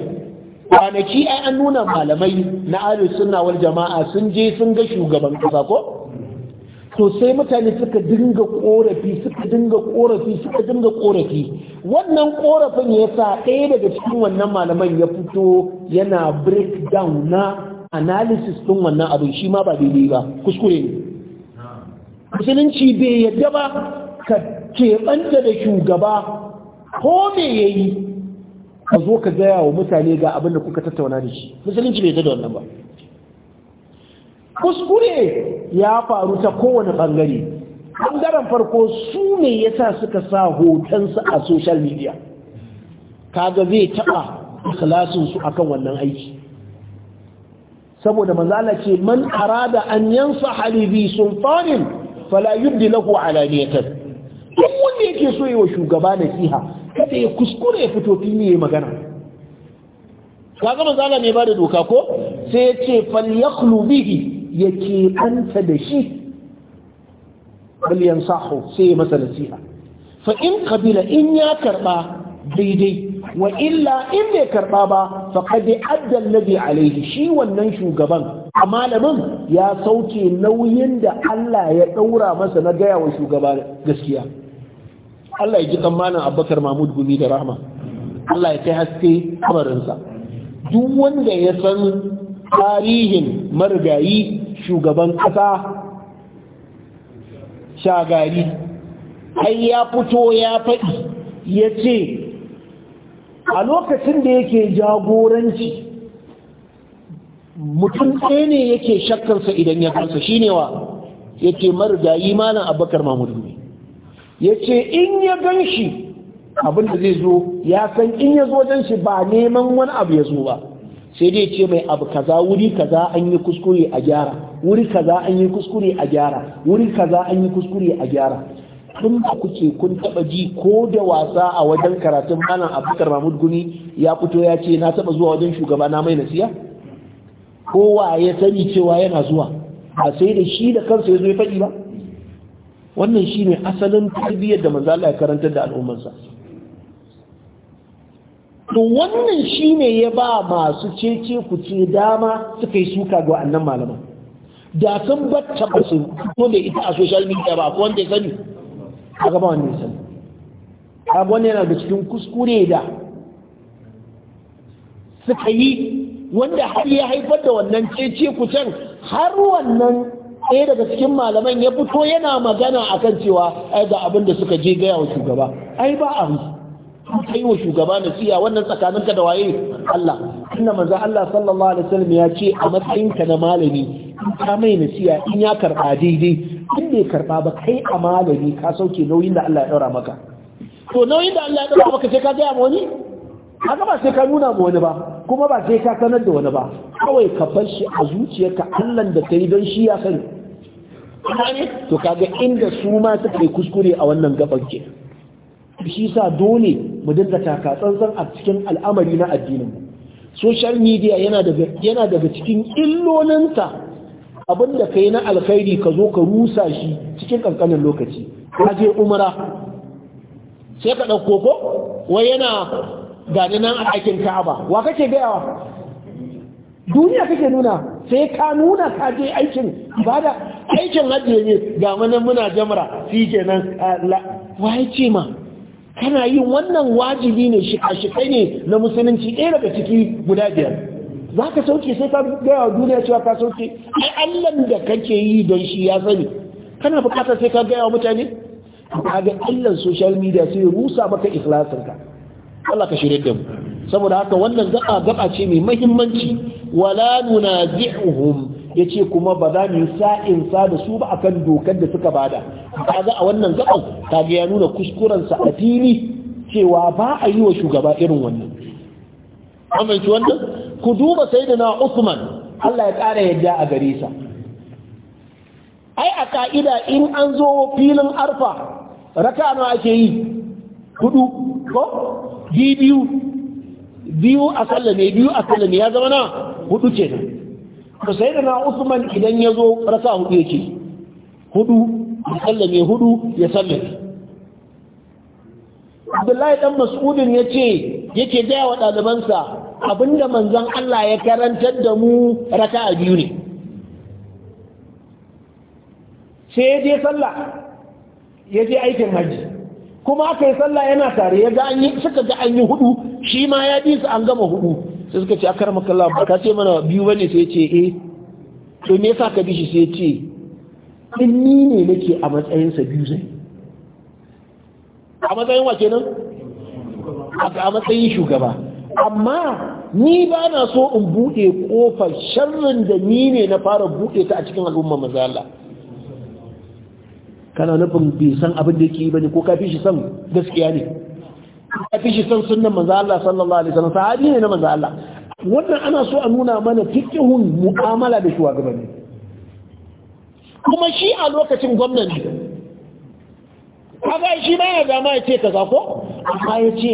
kwanaki ai an nuna malamai na ahlus wal jama'a sun je sun ga shugaban kasa ko to sai mutane suka dinga korafi suka dinga korafi suka dinga korafi wannan korafin ya sa ɗaya daga cikin wannan malaman ya fito yana breakdown na analysis ɗin wannan abin shi ma ba daidai ba kuskure ne musulunci bai yadda ba ka keɓanta da shugaba ko me ya yi ka zo ka gaya wa mutane ga abin da kuka tattauna da shi musulunci bai yadda da wannan ba kuskure ya faru ta kowane bangare bangaren farko su ne ya sa suka sa hotonsu a social media kaga zai taba a akan wannan aiki saboda manzala ce man da an yansa halibi sultanin fala yubdi a alaniyatan ɗin wanda yake so yi wa shugaba nasiha kada ya kuskure ya fito fili ya magana Ka ga manzala mai ba da doka ko sai ya ce fal ya keɓanta da shi bal sahu sai ya masa nasiha fa in kabila in ya karɓa daidai wa illa in bai karɓa ba fa kadai addan alladhi alaihi shi wannan shugaban a malamin ya sauke nauyin da Allah ya ɗaura masa na gaya wa shugaba gaskiya Allah ya ji tsammanin Abubakar Mahmud Gumi da Rahma Allah ya kai haske kamarinsa. duk wanda ya san tarihin marigayi shugaban ƙasa shagari ai ya fito ya faɗi ya ce a lokacin da yake jagoranci mutum ɗaya ne yake shakkarsa idan ya kansa shi ne wa ya ce marigayi na abakar mamudu ne ya ce in ya gan shi abinda zai zo ya san in ya zo don shi ba neman wani abu ya zo ba sai dai ce mai abu kaza wuri kaza an yi kuskure a gyara wuri kaza an yi kuskure a gyara wuri kaza an yi kuskure a gyara tun da kuke kun taba ji ko da wasa a wajen karatun malam abubakar mahmud guni ya fito ya ce na taba zuwa wajen shugaba na mai nasiya kowa ya sani cewa yana zuwa a sai da shi da kansa ya zo ya faɗi ba wannan shine asalin tarbiyyar da manzo Allah ya karantar da al'ummarsa to wannan shine ya ba masu cece ku ce dama suka yi suka ga wannan malaman da sun batta ba su ko da ita a social media ba ko wanda ya sani a gaba wanda ya sani a wani yana da cikin kuskure da suka yi wanda har ya haifar da wannan cece ku can har wannan ɗaya daga cikin malaman ya fito yana magana akan cewa ai ga abin da suka je gaya wa shugaba ai ba a kai wa shugaba na siya wannan tsakaninka da waye Allah inna manzo Allah sallallahu alaihi wasallam ya ce a matsayinka na malami in ka mai na siya, in ya karba daidai in bai karba ba kai a malami ka sauke nauyin da Allah ya daura maka to nauyin da Allah ya daura maka sai ka ga wani haka ba sai ka nuna ma wani ba kuma ba sai ka sanar da wani ba kawai ka bar shi a zuciyarka Allah da kai don shi ya sani to kaga inda su ma suka yi kuskure a wannan gaban kenan shi sa dole mu dinga taka tsantsan a cikin al'amari na addinin mu social media yana daga yana daga cikin illolinsa abinda kai na alkhairi ka zo ka rusa shi cikin kankanin lokaci ka je umra sai ka dauko ko wai yana gani nan a ɗakin Ka'aba wa kake gayawa duniya kake nuna sai ka nuna ka je aikin ibada aikin hajji ne ga manan muna jamara shi kenan wa ya ce ma kana yin wannan wajibi ne shika-shikai ne na musulunci ɗaya daga ciki guda biyar za ka sauke sai ka gaya wa duniya cewa ka sauke ai allan da kake yi don shi ya sani kana bukatar sai ka gaya wa mutane kaga allan social media sai rusa maka ikhlasinka Allah ka shirye da mu saboda haka wannan gaba gaba ce mai muhimmanci wala nunazi'uhum ya ce kuma ba za mu yi sa'insa da su ba akan dokar da suka bada Ba za a wannan gaban kaga ya nuna kuskurensa a fili cewa ba a yi wa shugaba irin wannan amince wannan ku duba sayyidina Uthman Allah ya ƙara yadda a gare sa ai a ka'ida in an zo filin arfa raka nawa ake yi hudu ko biyu biyu a sallame biyu a sallame ya zama na hudu kenan ka sai da na Usman idan ya zo raka hudu yake hudu ya sallame hudu ya sallame Abdullahi dan Mas'udin yace yake gaya wa ɗalibansa abinda manzon Allah ya karantar da mu raka biyu ne sai ya je sallah ya aikin hajji kuma akai yi sallah yana tare ya ga an yi suka ga an yi hudu shi ma ya bi an gama hudu sai suka ce akar makalla ba ka ce mana biyu bane sai ce eh to me yasa ka bi shi sai ce in ni ne nake a matsayinsa biyu zai a matsayin wa kenan a matsayin shugaba amma ni ba na so in buɗe ƙofar sharrin da ni ne na fara buɗe ta a cikin al'umma mazala kana nufin bai san abin da yake yi bane ko ka fi shi san gaskiya ne ya fi shi san sunnan manzo Allah sallallahu alaihi wasallam sahabi ne na manzo Allah wannan ana so a nuna mana fikihun mu'amala da shugabanni kuma shi a lokacin gwamnati kaga shi ba ya dama ya ce kaza ko amma ya ce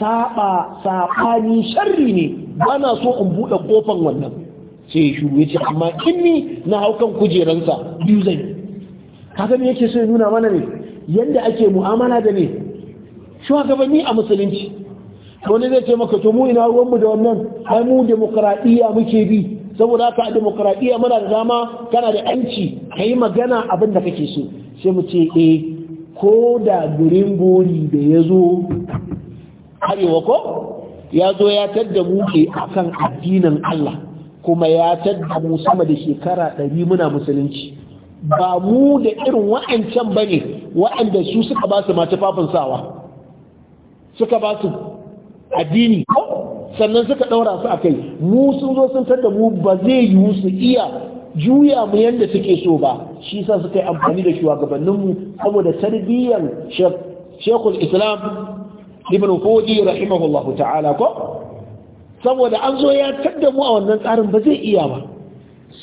saba sabani sharri ne bana so in bude kofan wannan sai shi ya ce amma kinni na haukan kujeransa biyu zai kaga me yake so ya nuna mana ne yadda ake mu'amala da ne shugabanni a musulunci wani zai ce maka to mu ina mu da wannan ai mu demokradiyya muke bi saboda haka a demokradiyya muna da dama kana da yanci ka yi magana abin da kake so sai mu ce eh ko da gurin bori da ya zo arewa ko ya zo ya tadda mu ke akan addinin Allah kuma ya tadda mu sama da shekara ɗari muna musulunci ba mu da irin wa'ancan bane wa'anda su suka ba su mata fafin sawa suka ba su addini sannan suka ɗaura su a kai mu sun zo sun da mu ba zai yiwu su iya juya mu yadda suke so ba shi sa suka yi amfani da shugabanninmu saboda tarbiyyar shekul islam ibn fodi rahimahullahu ta'ala ko saboda an zo ya tadda mu a wannan tsarin ba zai iya ba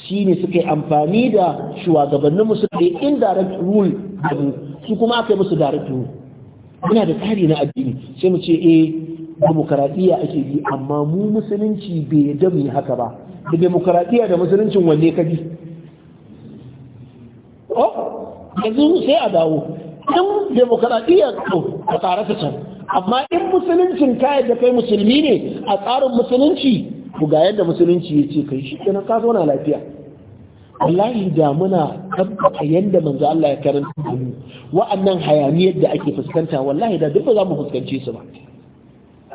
shi ne suka yi amfani da shugabanninmu suka yi indirect rule da mu su kuma aka yi musu direct rule muna da tsari na addini sai mu ce eh demokaradiyya ake bi amma mu musulunci bai yadda mu yi haka ba da demokaradiyya da musuluncin wanne ka bi oh yanzu sai a dawo in demokaradiyya ko a tsare ta can amma in musuluncin ka yadda kai musulmi ne a tsarin musulunci ku ga yadda musulunci ya ce kai shi kenan ka na lafiya wallahi da muna tabbata yadda manzo Allah ya karanta mu wa'annan hayani yadda ake fuskanta wallahi da duk ba za mu fuskance su ba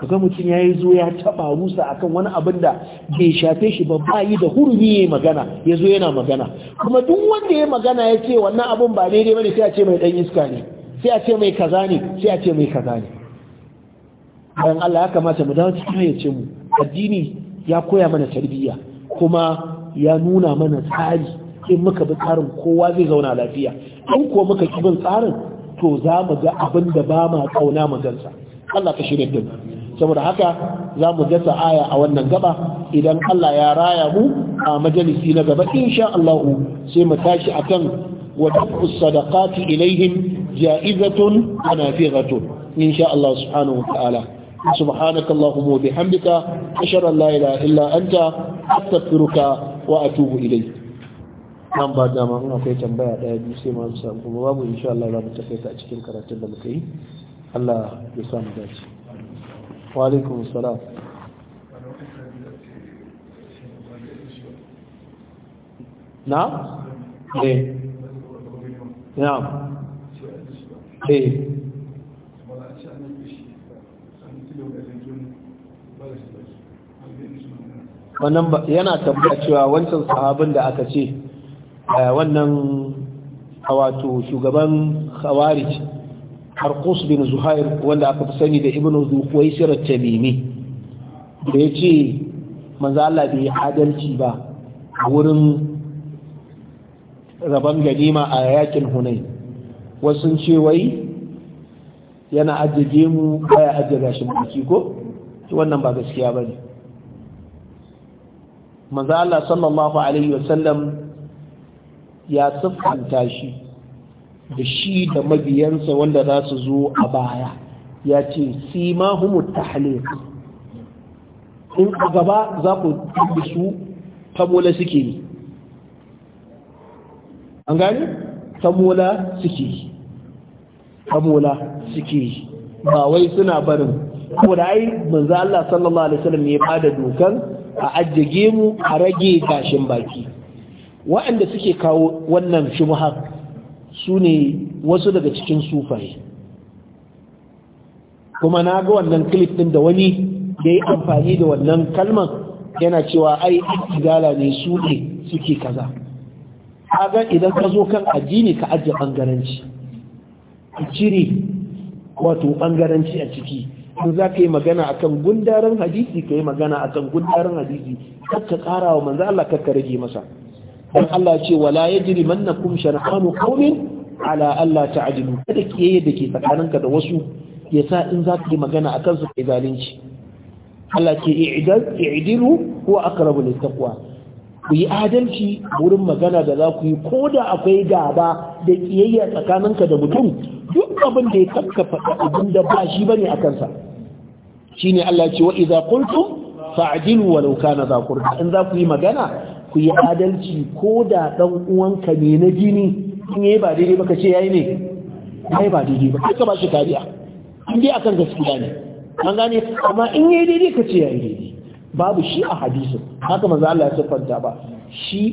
kaga mutum yayi zo ya taba rusa akan wani abin da bai shafe shi ba bayi da hurumi yayi magana yazo yana magana kuma duk wanda yayi magana ya ce wannan abin ba daidai bane sai a ce mai dan iska ne sai a ce mai kaza ne sai a ce mai kaza ne bayan Allah ya kamata mu dawo cikin hayyacin mu addini ya koya mana tarbiyya kuma ya nuna mana tsari in muka bi tsarin kowa zai zauna lafiya in kuwa muka ki bin tsarin to za mu ga abin da ba ma kauna magansa Allah ta shirya din saboda haka za mu dasa aya a wannan gaba idan Allah ya raya mu a majalisi na gaba insha Allah sai mu tashi akan ودفع الصدقات jaizatun جائزة ونافغة إن شاء الله wa ta'ala. سبحانك اللهم وبحمدك أشهد أن لا إله إلا أنت أستغفرك وأتوب إليك nan ba dama muna kai tambaya daya biyu sai masu samu kuma babu insha Allah za mu tafi ta a cikin karatun da muka yi Allah ya sa mu dace wa alaikum salam na eh na eh wannan yana tambaya cewa wancan sahabin da aka ce eh, wannan wato shugaban khawarij harkus bin zuhair wanda aka fi sani da ibnu zuhair tamimi da ya ce manzo Allah bai adalci ba a wurin rabon ganima a yakin hunai wasu ce wai yana ajiye mu baya ajiye gashin baki ko wannan ba gaskiya bane manzo Allah sallallahu alaihi wasallam ya tsufanta shi da shi da mabiyansa wanda za su zo a baya ya ce sima humu tahliq in a gaba za ku tabi su tabola suke yi an gani tabola suke yi tabola suke yi ba wai suna barin ko da ai manzo Allah sallallahu alaihi wasallam ya bada dokan a ajjage mu a rage gashin baki waɗanda suke kawo wannan shubha su ne wasu daga cikin sufaye kuma na ga wannan clip ɗin da wani ya yi amfani da wannan kalmar yana cewa ai igala ne su ne suke kaza kaga idan ka zo kan addini ka ajiye bangaranci a cire wato ɓangaranci a ciki in za ka yi magana akan gundarin hadisi ka yi magana akan gundarin hadisi ka kara wa manzo Allah ka rage masa dan Allah ce wala yajri mannakum shar'anu qawmin ala Allah ta'dilu kada ki da ke tsakaninka da wasu yasa in za ka yi magana kan su kai zalunci Allah ce i'dal i'dilu huwa aqrabu taqwa ku yi adalci wurin magana da za ku yi ko da akwai gaba da kiyayya tsakaninka da mutum duk abin da ya kakka faɗa abin da ba shi bane a kansa shine Allah ce wa idza qultum fa'dilu walau kana za qurba in za ku yi magana ku yi adalci ko da dan uwanka ne na gini. in yayi ba daidai ba ka ce yayi ne yayi ba daidai ba ka ba shi kariya in dai akan gaskiya ne an gane amma in yayi daidai ka ce yayi daidai babu shi a hadisin haka manzo Allah ya siffanta ba shi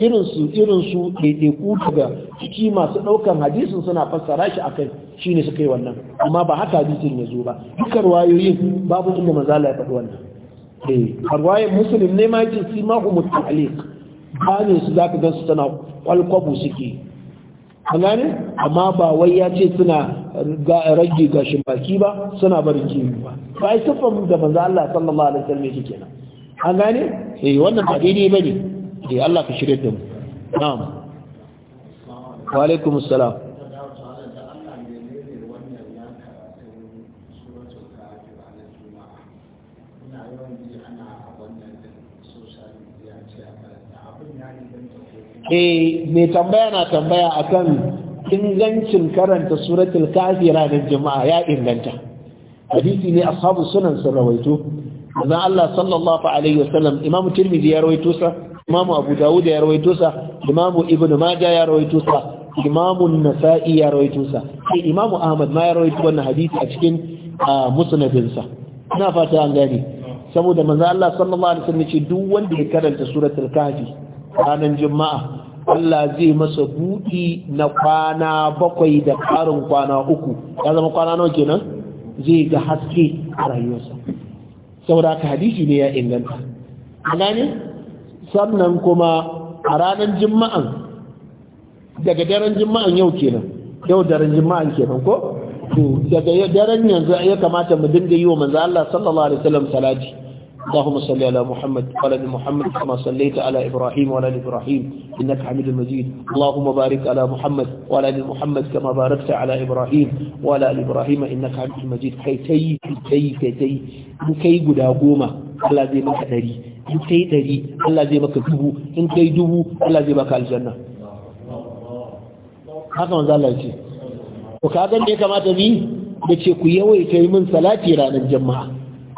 irin su irin su daidaiku daga ciki masu daukan hadisin suna fassara shi akai ne suka yi wannan amma ba haka hadisin ya zo ba duka ruwayoyin babu inda mazala ya faɗi wannan eh ruwayan muslim ne ma yake fi ma umut ta'liq ba ne su zaka gansu tana kwalkwabo suke an amma ba wai ya ce suna rage gashin baki ba suna barin kiwo ba ba ai siffan da manzo Allah sallallahu alaihi wasallam yake kenan an eh wannan ba daidai bane eh Allah ka shirye da mu na'am wa alaikumus eh mai tambaya na tambaya akan ingancin karanta suratul kafira da jama'a ya inganta hadisi ne ashabu sunan sun rawaito manzon Allah sallallahu alaihi wasallam imamu tirmidhi ya rawaito sa imamu abu dawud ya rawaito sa imamu ibnu majah ya rawaito sa imamu nasa'i ya rawaito sa sai imamu ahmad ma ya rawaito wannan hadisi a cikin musnadin sa ina fata an gane saboda manzo Allah sallallahu alaihi wasallam ya ce duk wanda ya karanta suratul kafi ranar juma'a Allah zai masa buɗi na kwana bakwai da ƙarin kwana uku ya zama kwana nawa kenan zai ga haske a rayuwarsa saboda ka hadisi ne ya inganta a gane sannan kuma a ranar juma'an daga daren juma'an yau kenan yau daren juma'an kenan ko to daga daren yanzu ya kamata mu dinga yi wa manzo Allah sallallahu alaihi wasallam salati اللهم صل على محمد وعلى ال محمد كما صليت على ابراهيم وعلى ال ابراهيم انك حميد مجيد اللهم بارك على محمد وعلى ال محمد كما باركت على ابراهيم وعلى ال ابراهيم انك حميد مجيد كي تي كي كي كي غدا 10 الله زي maka 100 in kai 100 Allah zai maka dubu in kai dubu Allah zai maka aljanna haka manzo Allah ya ce ko ka ga ne kamata bi da ce ku yawaita yi min salati ranar jama'a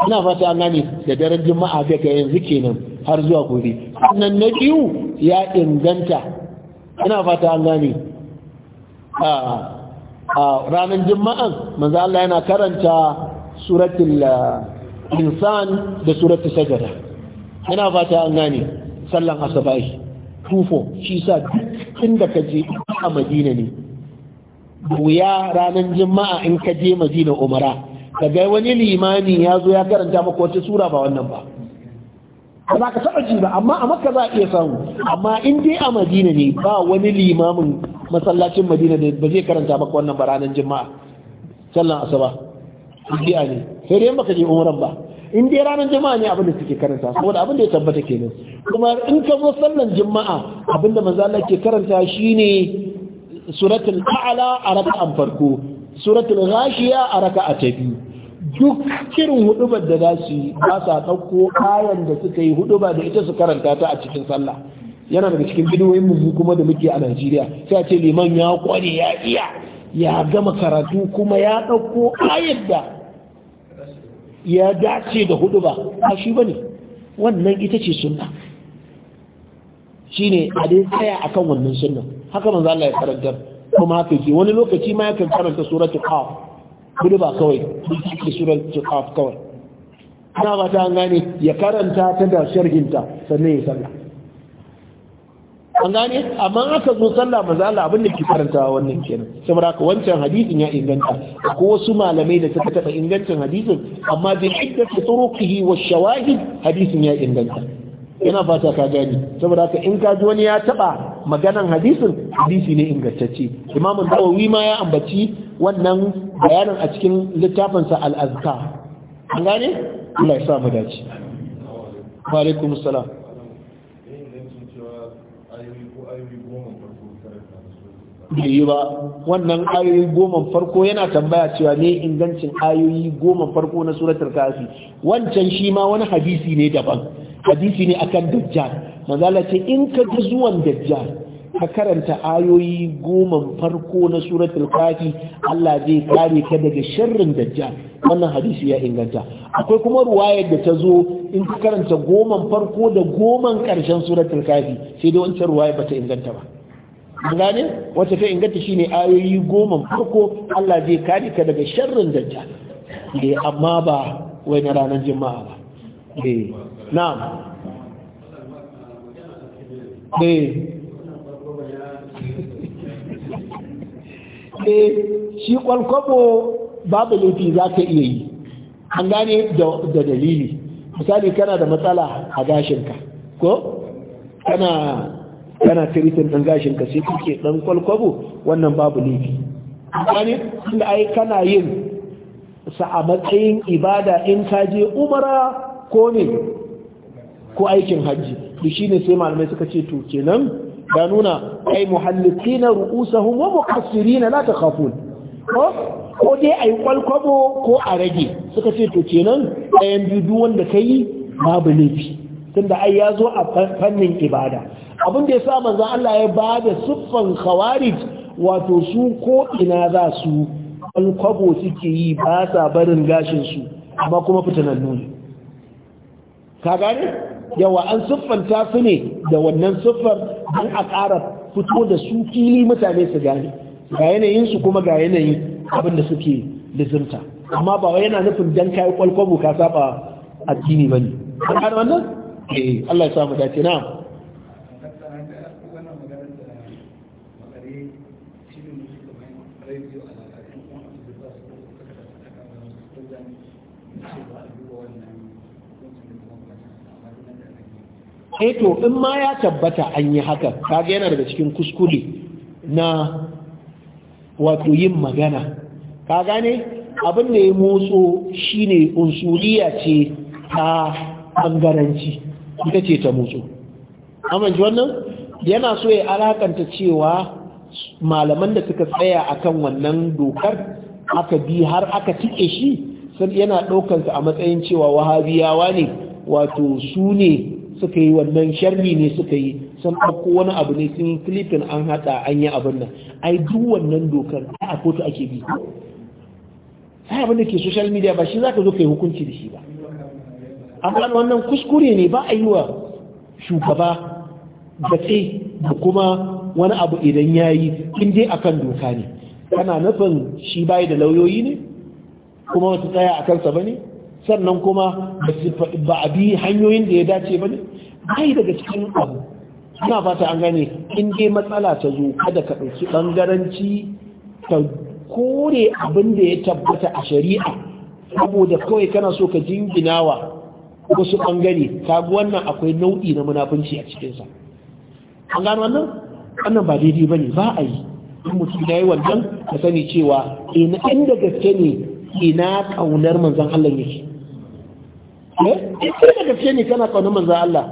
ina fata an gane da daren juma'a daga yanzu kenan har zuwa gobe sannan na biyu ya inganta ina fata an gane a ranar juma'an manzo Allah yana karanta suratul insan da suratul sajada ina fata an gane sallan asabai tufo shi sa inda ka je a madina ne wuya ranar juma'a in ka je madina umara daga wani limani ya zo ya karanta maka wata sura ba wannan ba ba za ka taɓa ji ba amma a makka za a iya samu amma in dai a madina ne ba wani limamin masallacin madina da ba zai karanta maka wannan ba ranar jima'a sallan asaba a ne sai dai baka je umran ba in dai ranar jima'a ne abin da suke karanta saboda abin da ya tabbata kenan kuma in ka zo sallan jima'a abin da manzo Allah ke karanta shine suratul a'la a raka'a farko suratul ghashiya a raka'a ta biyu duk kirin hudubar da za su yi ba sa ɗauko ayan da suka yi hudubar da ita su karanta ta a cikin sallah yana daga cikin bidiyoyin mu kuma da muke a Najeriya sai a ce liman ya kware ya iya ya gama karatu kuma ya ɗauko ayar da ya dace da huduba a shi bane wannan ita ce sunna shine a dai tsaya akan wannan sunna haka manzo Allah ya karantar kuma haka ke wani lokaci ma yakan karanta suratul qaf kudu ba kawai da surar tukaf kawai na ba ta gane ya karanta ta da sharhinta sannan ya sallah an gane amma aka zo sallah maza abin da ke karanta wannan kenan saboda ka wancan hadisin ya inganta ko wasu malamai da suka taɓa ingancin hadisin amma bin iddat turuqihi wa shawahid hadisin ya inganta Yana fata ka gani saboda haka in ka ji wani ya taba maganan hadisin hadisi ne ingantacce imamu nawawi ma ya ambaci wannan bayanin a cikin littafin sa al-azkar an gane Allah ya sa mu dace wa alaikum bai yi ba wannan ayoyi goma farko yana tambaya cewa ne ingancin ayoyi goma farko na suratul kafi wancan shi ma wani hadisi ne daban hadisi ne akan dajja. manzala ce in ka ji zuwan dajja, ka karanta ayoyi goma farko na suratul kafi Allah zai kare ka daga sharrin dajjal wannan hadisi ya inganta akwai kuma ruwayar da ta zo in ka karanta goman farko da goman karshen suratul kafi sai dai wancan ruwaya bata inganta ba gane wata ta inganta shine ayoyi goma farko Allah zai kare ka daga sharrin dajjal eh amma ba wai na ranar juma'a ba eh na'am eh eh shi kwalkwabo babu laifi za ka iya yi an gane da dalili misali kana da matsala a gashinka ko kana kana firitin ɗan gashin ka sai kake ɗan kwalkwabo wannan babu laifi wani da ai kana yin sa a matsayin ibada in ka je umara ko ne ko aikin hajji to shine sai malamai suka ce to kenan Da nuna ai muhallikina ru'usahum wa na la takhafun ko ko dai ai kwalkwabo ko a rage suka ce to kenan ɗayan biyu wanda kai babu laifi tunda ai ya zo a fannin ibada abin da ya sa manzan Allah ya ba da siffan khawarij wato su ko ina za su kwabo suke yi ba sa barin su amma kuma fitanan nuni ka gane yawa an siffanta su ne da wannan siffar don a ƙara fito da su fili mutane su gane ga yanayin su kuma ga yanayi abin da suke lizimta amma ba wai yana nufin dan kayi kwalkwabo ka saba addini bane kana wannan eh Allah ya samu dace na'am sai eh to in ma ya tabbata an yi haka kaga yana daga cikin kuskure na wato yin magana ka gane abin da ya motso shine unsuriya ce ta bangaranci ita ce ta motso amma wannan yana so ya alakanta cewa malaman da suka tsaya a kan wannan dokar aka bi har aka tike shi sun yana ɗaukansa a matsayin cewa wahabiyawa ne wato su ne suka yi wannan sharri ne suka yi sun ɗauko wani abu ne sun filifin an haɗa an yi abin nan ai duk wannan dokar ta a kotu ake bi sai abin da ke social media ba shi za ka zo ka yi hukunci da shi ba amma wannan kuskure ne ba a yi wa shugaba da da kuma wani abu idan ya yi in dai akan doka ne kana nufin shi bai da lauyoyi ne kuma wata tsaya a kansa ba ne sannan kuma ba a bi hanyoyin da ya dace ba ne ai daga cikin abu ina fata an gane in dai matsala ta zo kada ka ɗauki ɓangaranci ta kore abin da ya tabbata a shari'a saboda kawai kana so ka jinginawa wasu ɓangare kaga wannan akwai nau'i na munafunci a cikinsa an gano wannan wannan ba daidai ba ne ba a yi in mutum ya yi wannan ka sani cewa ina eh, inda gaske ne ina ƙaunar manzan Allah yake ne eh? eh, da gaske ne kana kaunar manzan Allah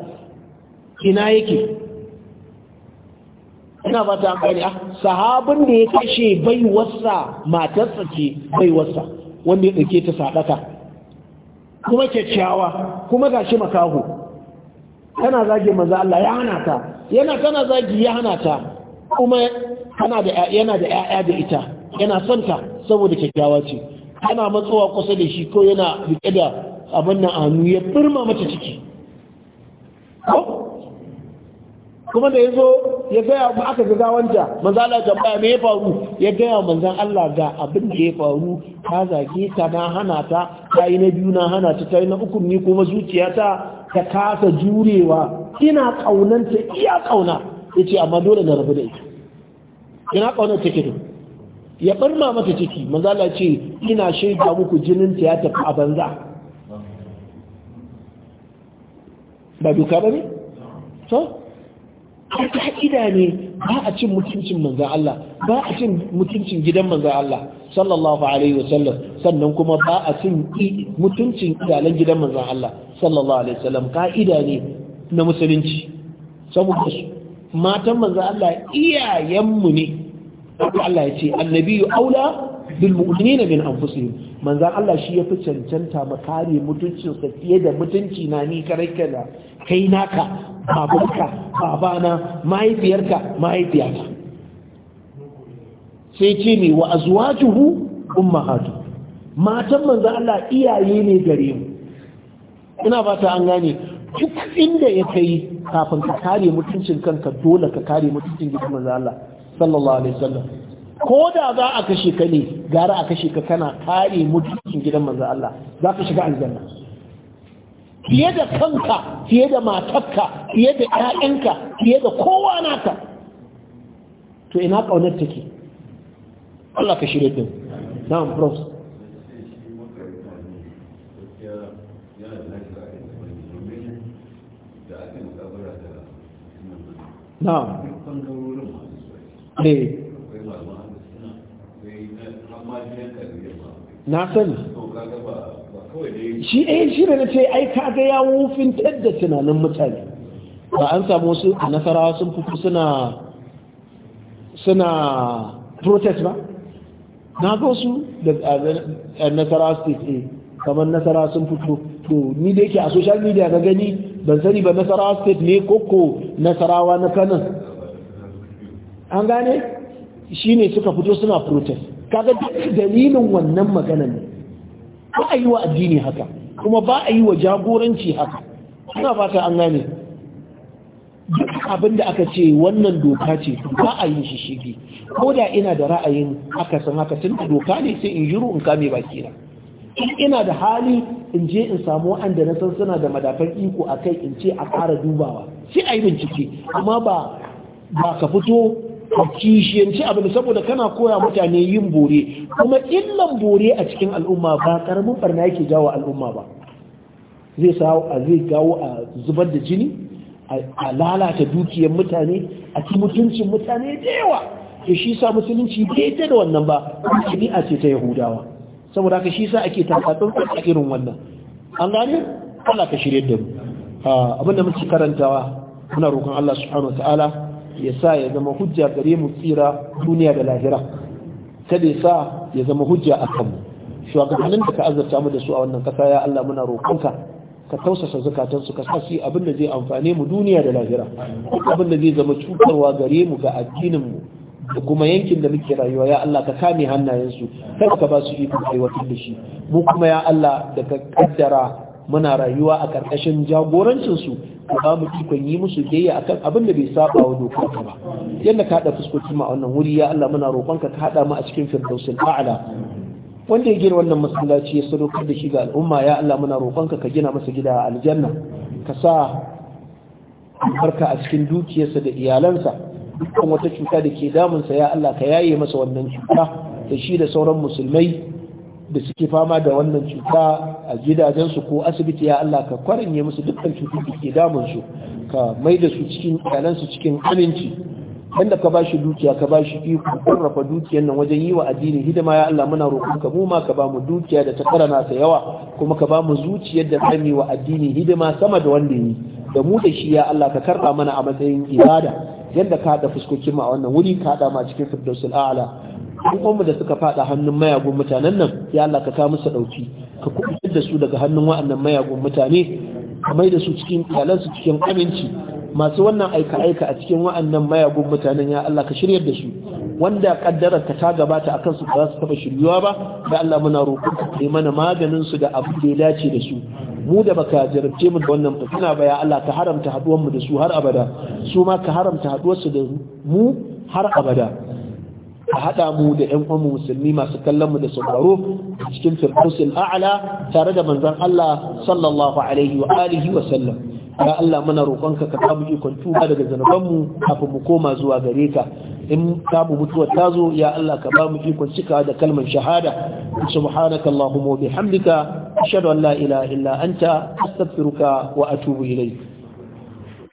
ina yake ina ba ta amfani a ah, sahabin da ya kashe bai wasa matarsa ce bai wasa wanda ya ɗauke ta sadaka kuma kyakkyawa kuma gashi makaho tana zagi manzan Allah ya hana ta yana tana zagi ya hana ta kuma yana da ‘ya'ya da ita yana son ta saboda kyakkyawa ce tana matsowa kusa da shi ko yana riƙe da abin nan anu ya firma mata ciki kuma da ya zo ya gaya ba aka ga gawanta manzala tambaya me ya faru ya gaya manzan Allah ga abin da ya faru ta zage ta na hana ta ta yi na biyu na hana ta ta yi na uku ni kuma zuciyata ta kasa jurewa ina kaunanta iya kauna ya ce amma dole na rabu da ita ina kaunar ta kido ya barma mata ciki manzala ce ina shaida muku jinin ta ya tafi a banza ba duka ba ne? to? a ka'ida ne ba a cin mutuncin manzan Allah ba a cin mutuncin gidan manzan Allah sallallahu alaihi wasallam sannan kuma ba a cin mutuncin iyalan gidan manzan Allah sallallahu alaihi wasallam ka'ida ne na musulunci saboda matan manzan Allah iyayenmu ne Allah ya ce annabiyu aula bil mu'minina min anfusihim manzan Allah shi yafi cancanta ma kare mutuncin sa fiye da mutunci na ni kare kai naka babanka babana mahaifiyarka mahaifiyata sai ce me wa azwajuhu ummahatu matan manzan Allah iyaye ne gare mu ina fata an gane duk inda ya kai kafin ka kare mutuncin kanka dole ka kare mutuncin gidan manzan Allah sallallahu alaihi wasallam ko da za a kashe ka ne gara a kashe ka kana kare mutuncin gidan manzo Allah za ka shiga aljanna fiye da kanka fiye da matarka fiye da ƴaƴanka fiye da kowa naka to ina kaunar take Allah ka shirye din na'am prof na'am eh na sani shi ɗaya eh, shi da na ce ai kaga ya wufin da tunanin mutane ba an samu wasu a nasarawa sun fito suna suna protest ba na ga wasu da nasarawa state a eh, kamar nasarawa sun fito to ni da yake a social media na gani ban sani ba nasarawa state ne koko nasarawa na kanan an gane shi ne suka fito suna protest kaga dalilin wannan maganan ne ba a yi wa addini haka kuma ba a yi wa jagoranci haka ina fata an gane duk abin da aka ce wannan doka ce ba a yi shi shige ko da ina da ra'ayin haka san haka tun da doka ne sai in juro in kame baki na ina da hali in je in samu wa'anda na san suna da madafar iko a kai in ce a ƙara dubawa sai a yi bincike amma ba ba ka fito kishiyanci abin saboda kana koya mutane yin bore kuma illan bore a cikin al'umma ba karamin barna yake jawo al'umma ba zai zai gawo a zubar da jini a lalata dukiyar mutane a ci mutuncin mutane da yawa to shi sa musulunci bai da wannan ba a ce ta yahudawa saboda haka shi sa ake takatsun a irin wannan an gane Allah ka shirye da mu ah, abinda muke karantawa muna roƙon Allah subhanahu wa ta'ala ya sa ya zama hujja gare mu tsira duniya da lahira kada ya sa ya zama hujja a kanmu shugabannin da ka azurta mu da su a wannan kasa ya Allah muna roƙonka ka tausasa zakatansu ka abin da zai amfane mu duniya da lahira abin da zai zama cutarwa gare mu ga addinin mu da kuma yankin da muke rayuwa ya Allah ka kame hannayensu kada ka ba su iko aiwatar da shi mu kuma ya Allah da ka kaddara muna rayuwa a ƙarƙashin jagorancinsu ka ba mu ikon yi musu biyayya akan abin da bai saba wa dokarka ba yadda ka haɗa fuskoki ma wannan wuri ya Allah muna roƙon ka haɗa mu a cikin firdausul a'la wanda ya gina wannan masallaci ya sadaukar da shi ga al'umma ya Allah muna roƙon ka gina masa gida a aljanna ka sa barka a cikin dukiyarsa da iyalansa dukkan wata cuta da ke damunsa ya Allah ka yaye masa wannan cuta da shi da sauran musulmai da suke fama da wannan cuta a gidajensu ko asibiti ya Allah ka kwaranye musu dukkan cutar da ke damunsu ka mai da su cikin su cikin aminci yadda ka bashi dukiya ka bashi iko rafa dukiyar nan wajen yi wa addini hidima ya Allah muna roƙon ka mu ma ka bamu dukiya da ta karana ta yawa kuma ka bamu zuciyar da zamu yi wa addini hidima sama da wanda yi da mu da shi ya Allah ka karba mana a matsayin ibada yadda ka haɗa fuskokin mu a wannan wuri ka haɗa ma cikin firdausul a'la mu da suka fada hannun mayagun mutanen nan ya Allah ka ka musu dauki ka kubutar da su daga hannun wa'annan mayagun mutane ka mai da su cikin iyalansu cikin aminci masu wannan aika aika a cikin wa'annan mayagun mutanen ya Allah ka shiryar da su wanda kaddara ka ta gabata akan su ba su taba shiryuwa ba ya Allah muna roƙon ka kai mana maganin su da abu da ya dace da su mu da baka jarabce mu da wannan fitina ba ya Allah ka haramta haduwar mu da su har abada su ma ka haramta haduwar su da mu har abada a haɗa mu da ‘yan uwanmu musulmi masu kallon mu da sauraro a cikin firdausul a'la tare da manzon Allah sallallahu alaihi wa alihi wa sallam ya Allah muna roƙonka ka kamu ikon tuba daga zanubanmu kafin mu koma zuwa gare ka in kamu mutuwar ta zo ya Allah ka bamu ikon cika da kalmar shahada subhanaka allahumma wa bihamdika ashhadu an la ilaha illa anta astaghfiruka wa atubu ilayk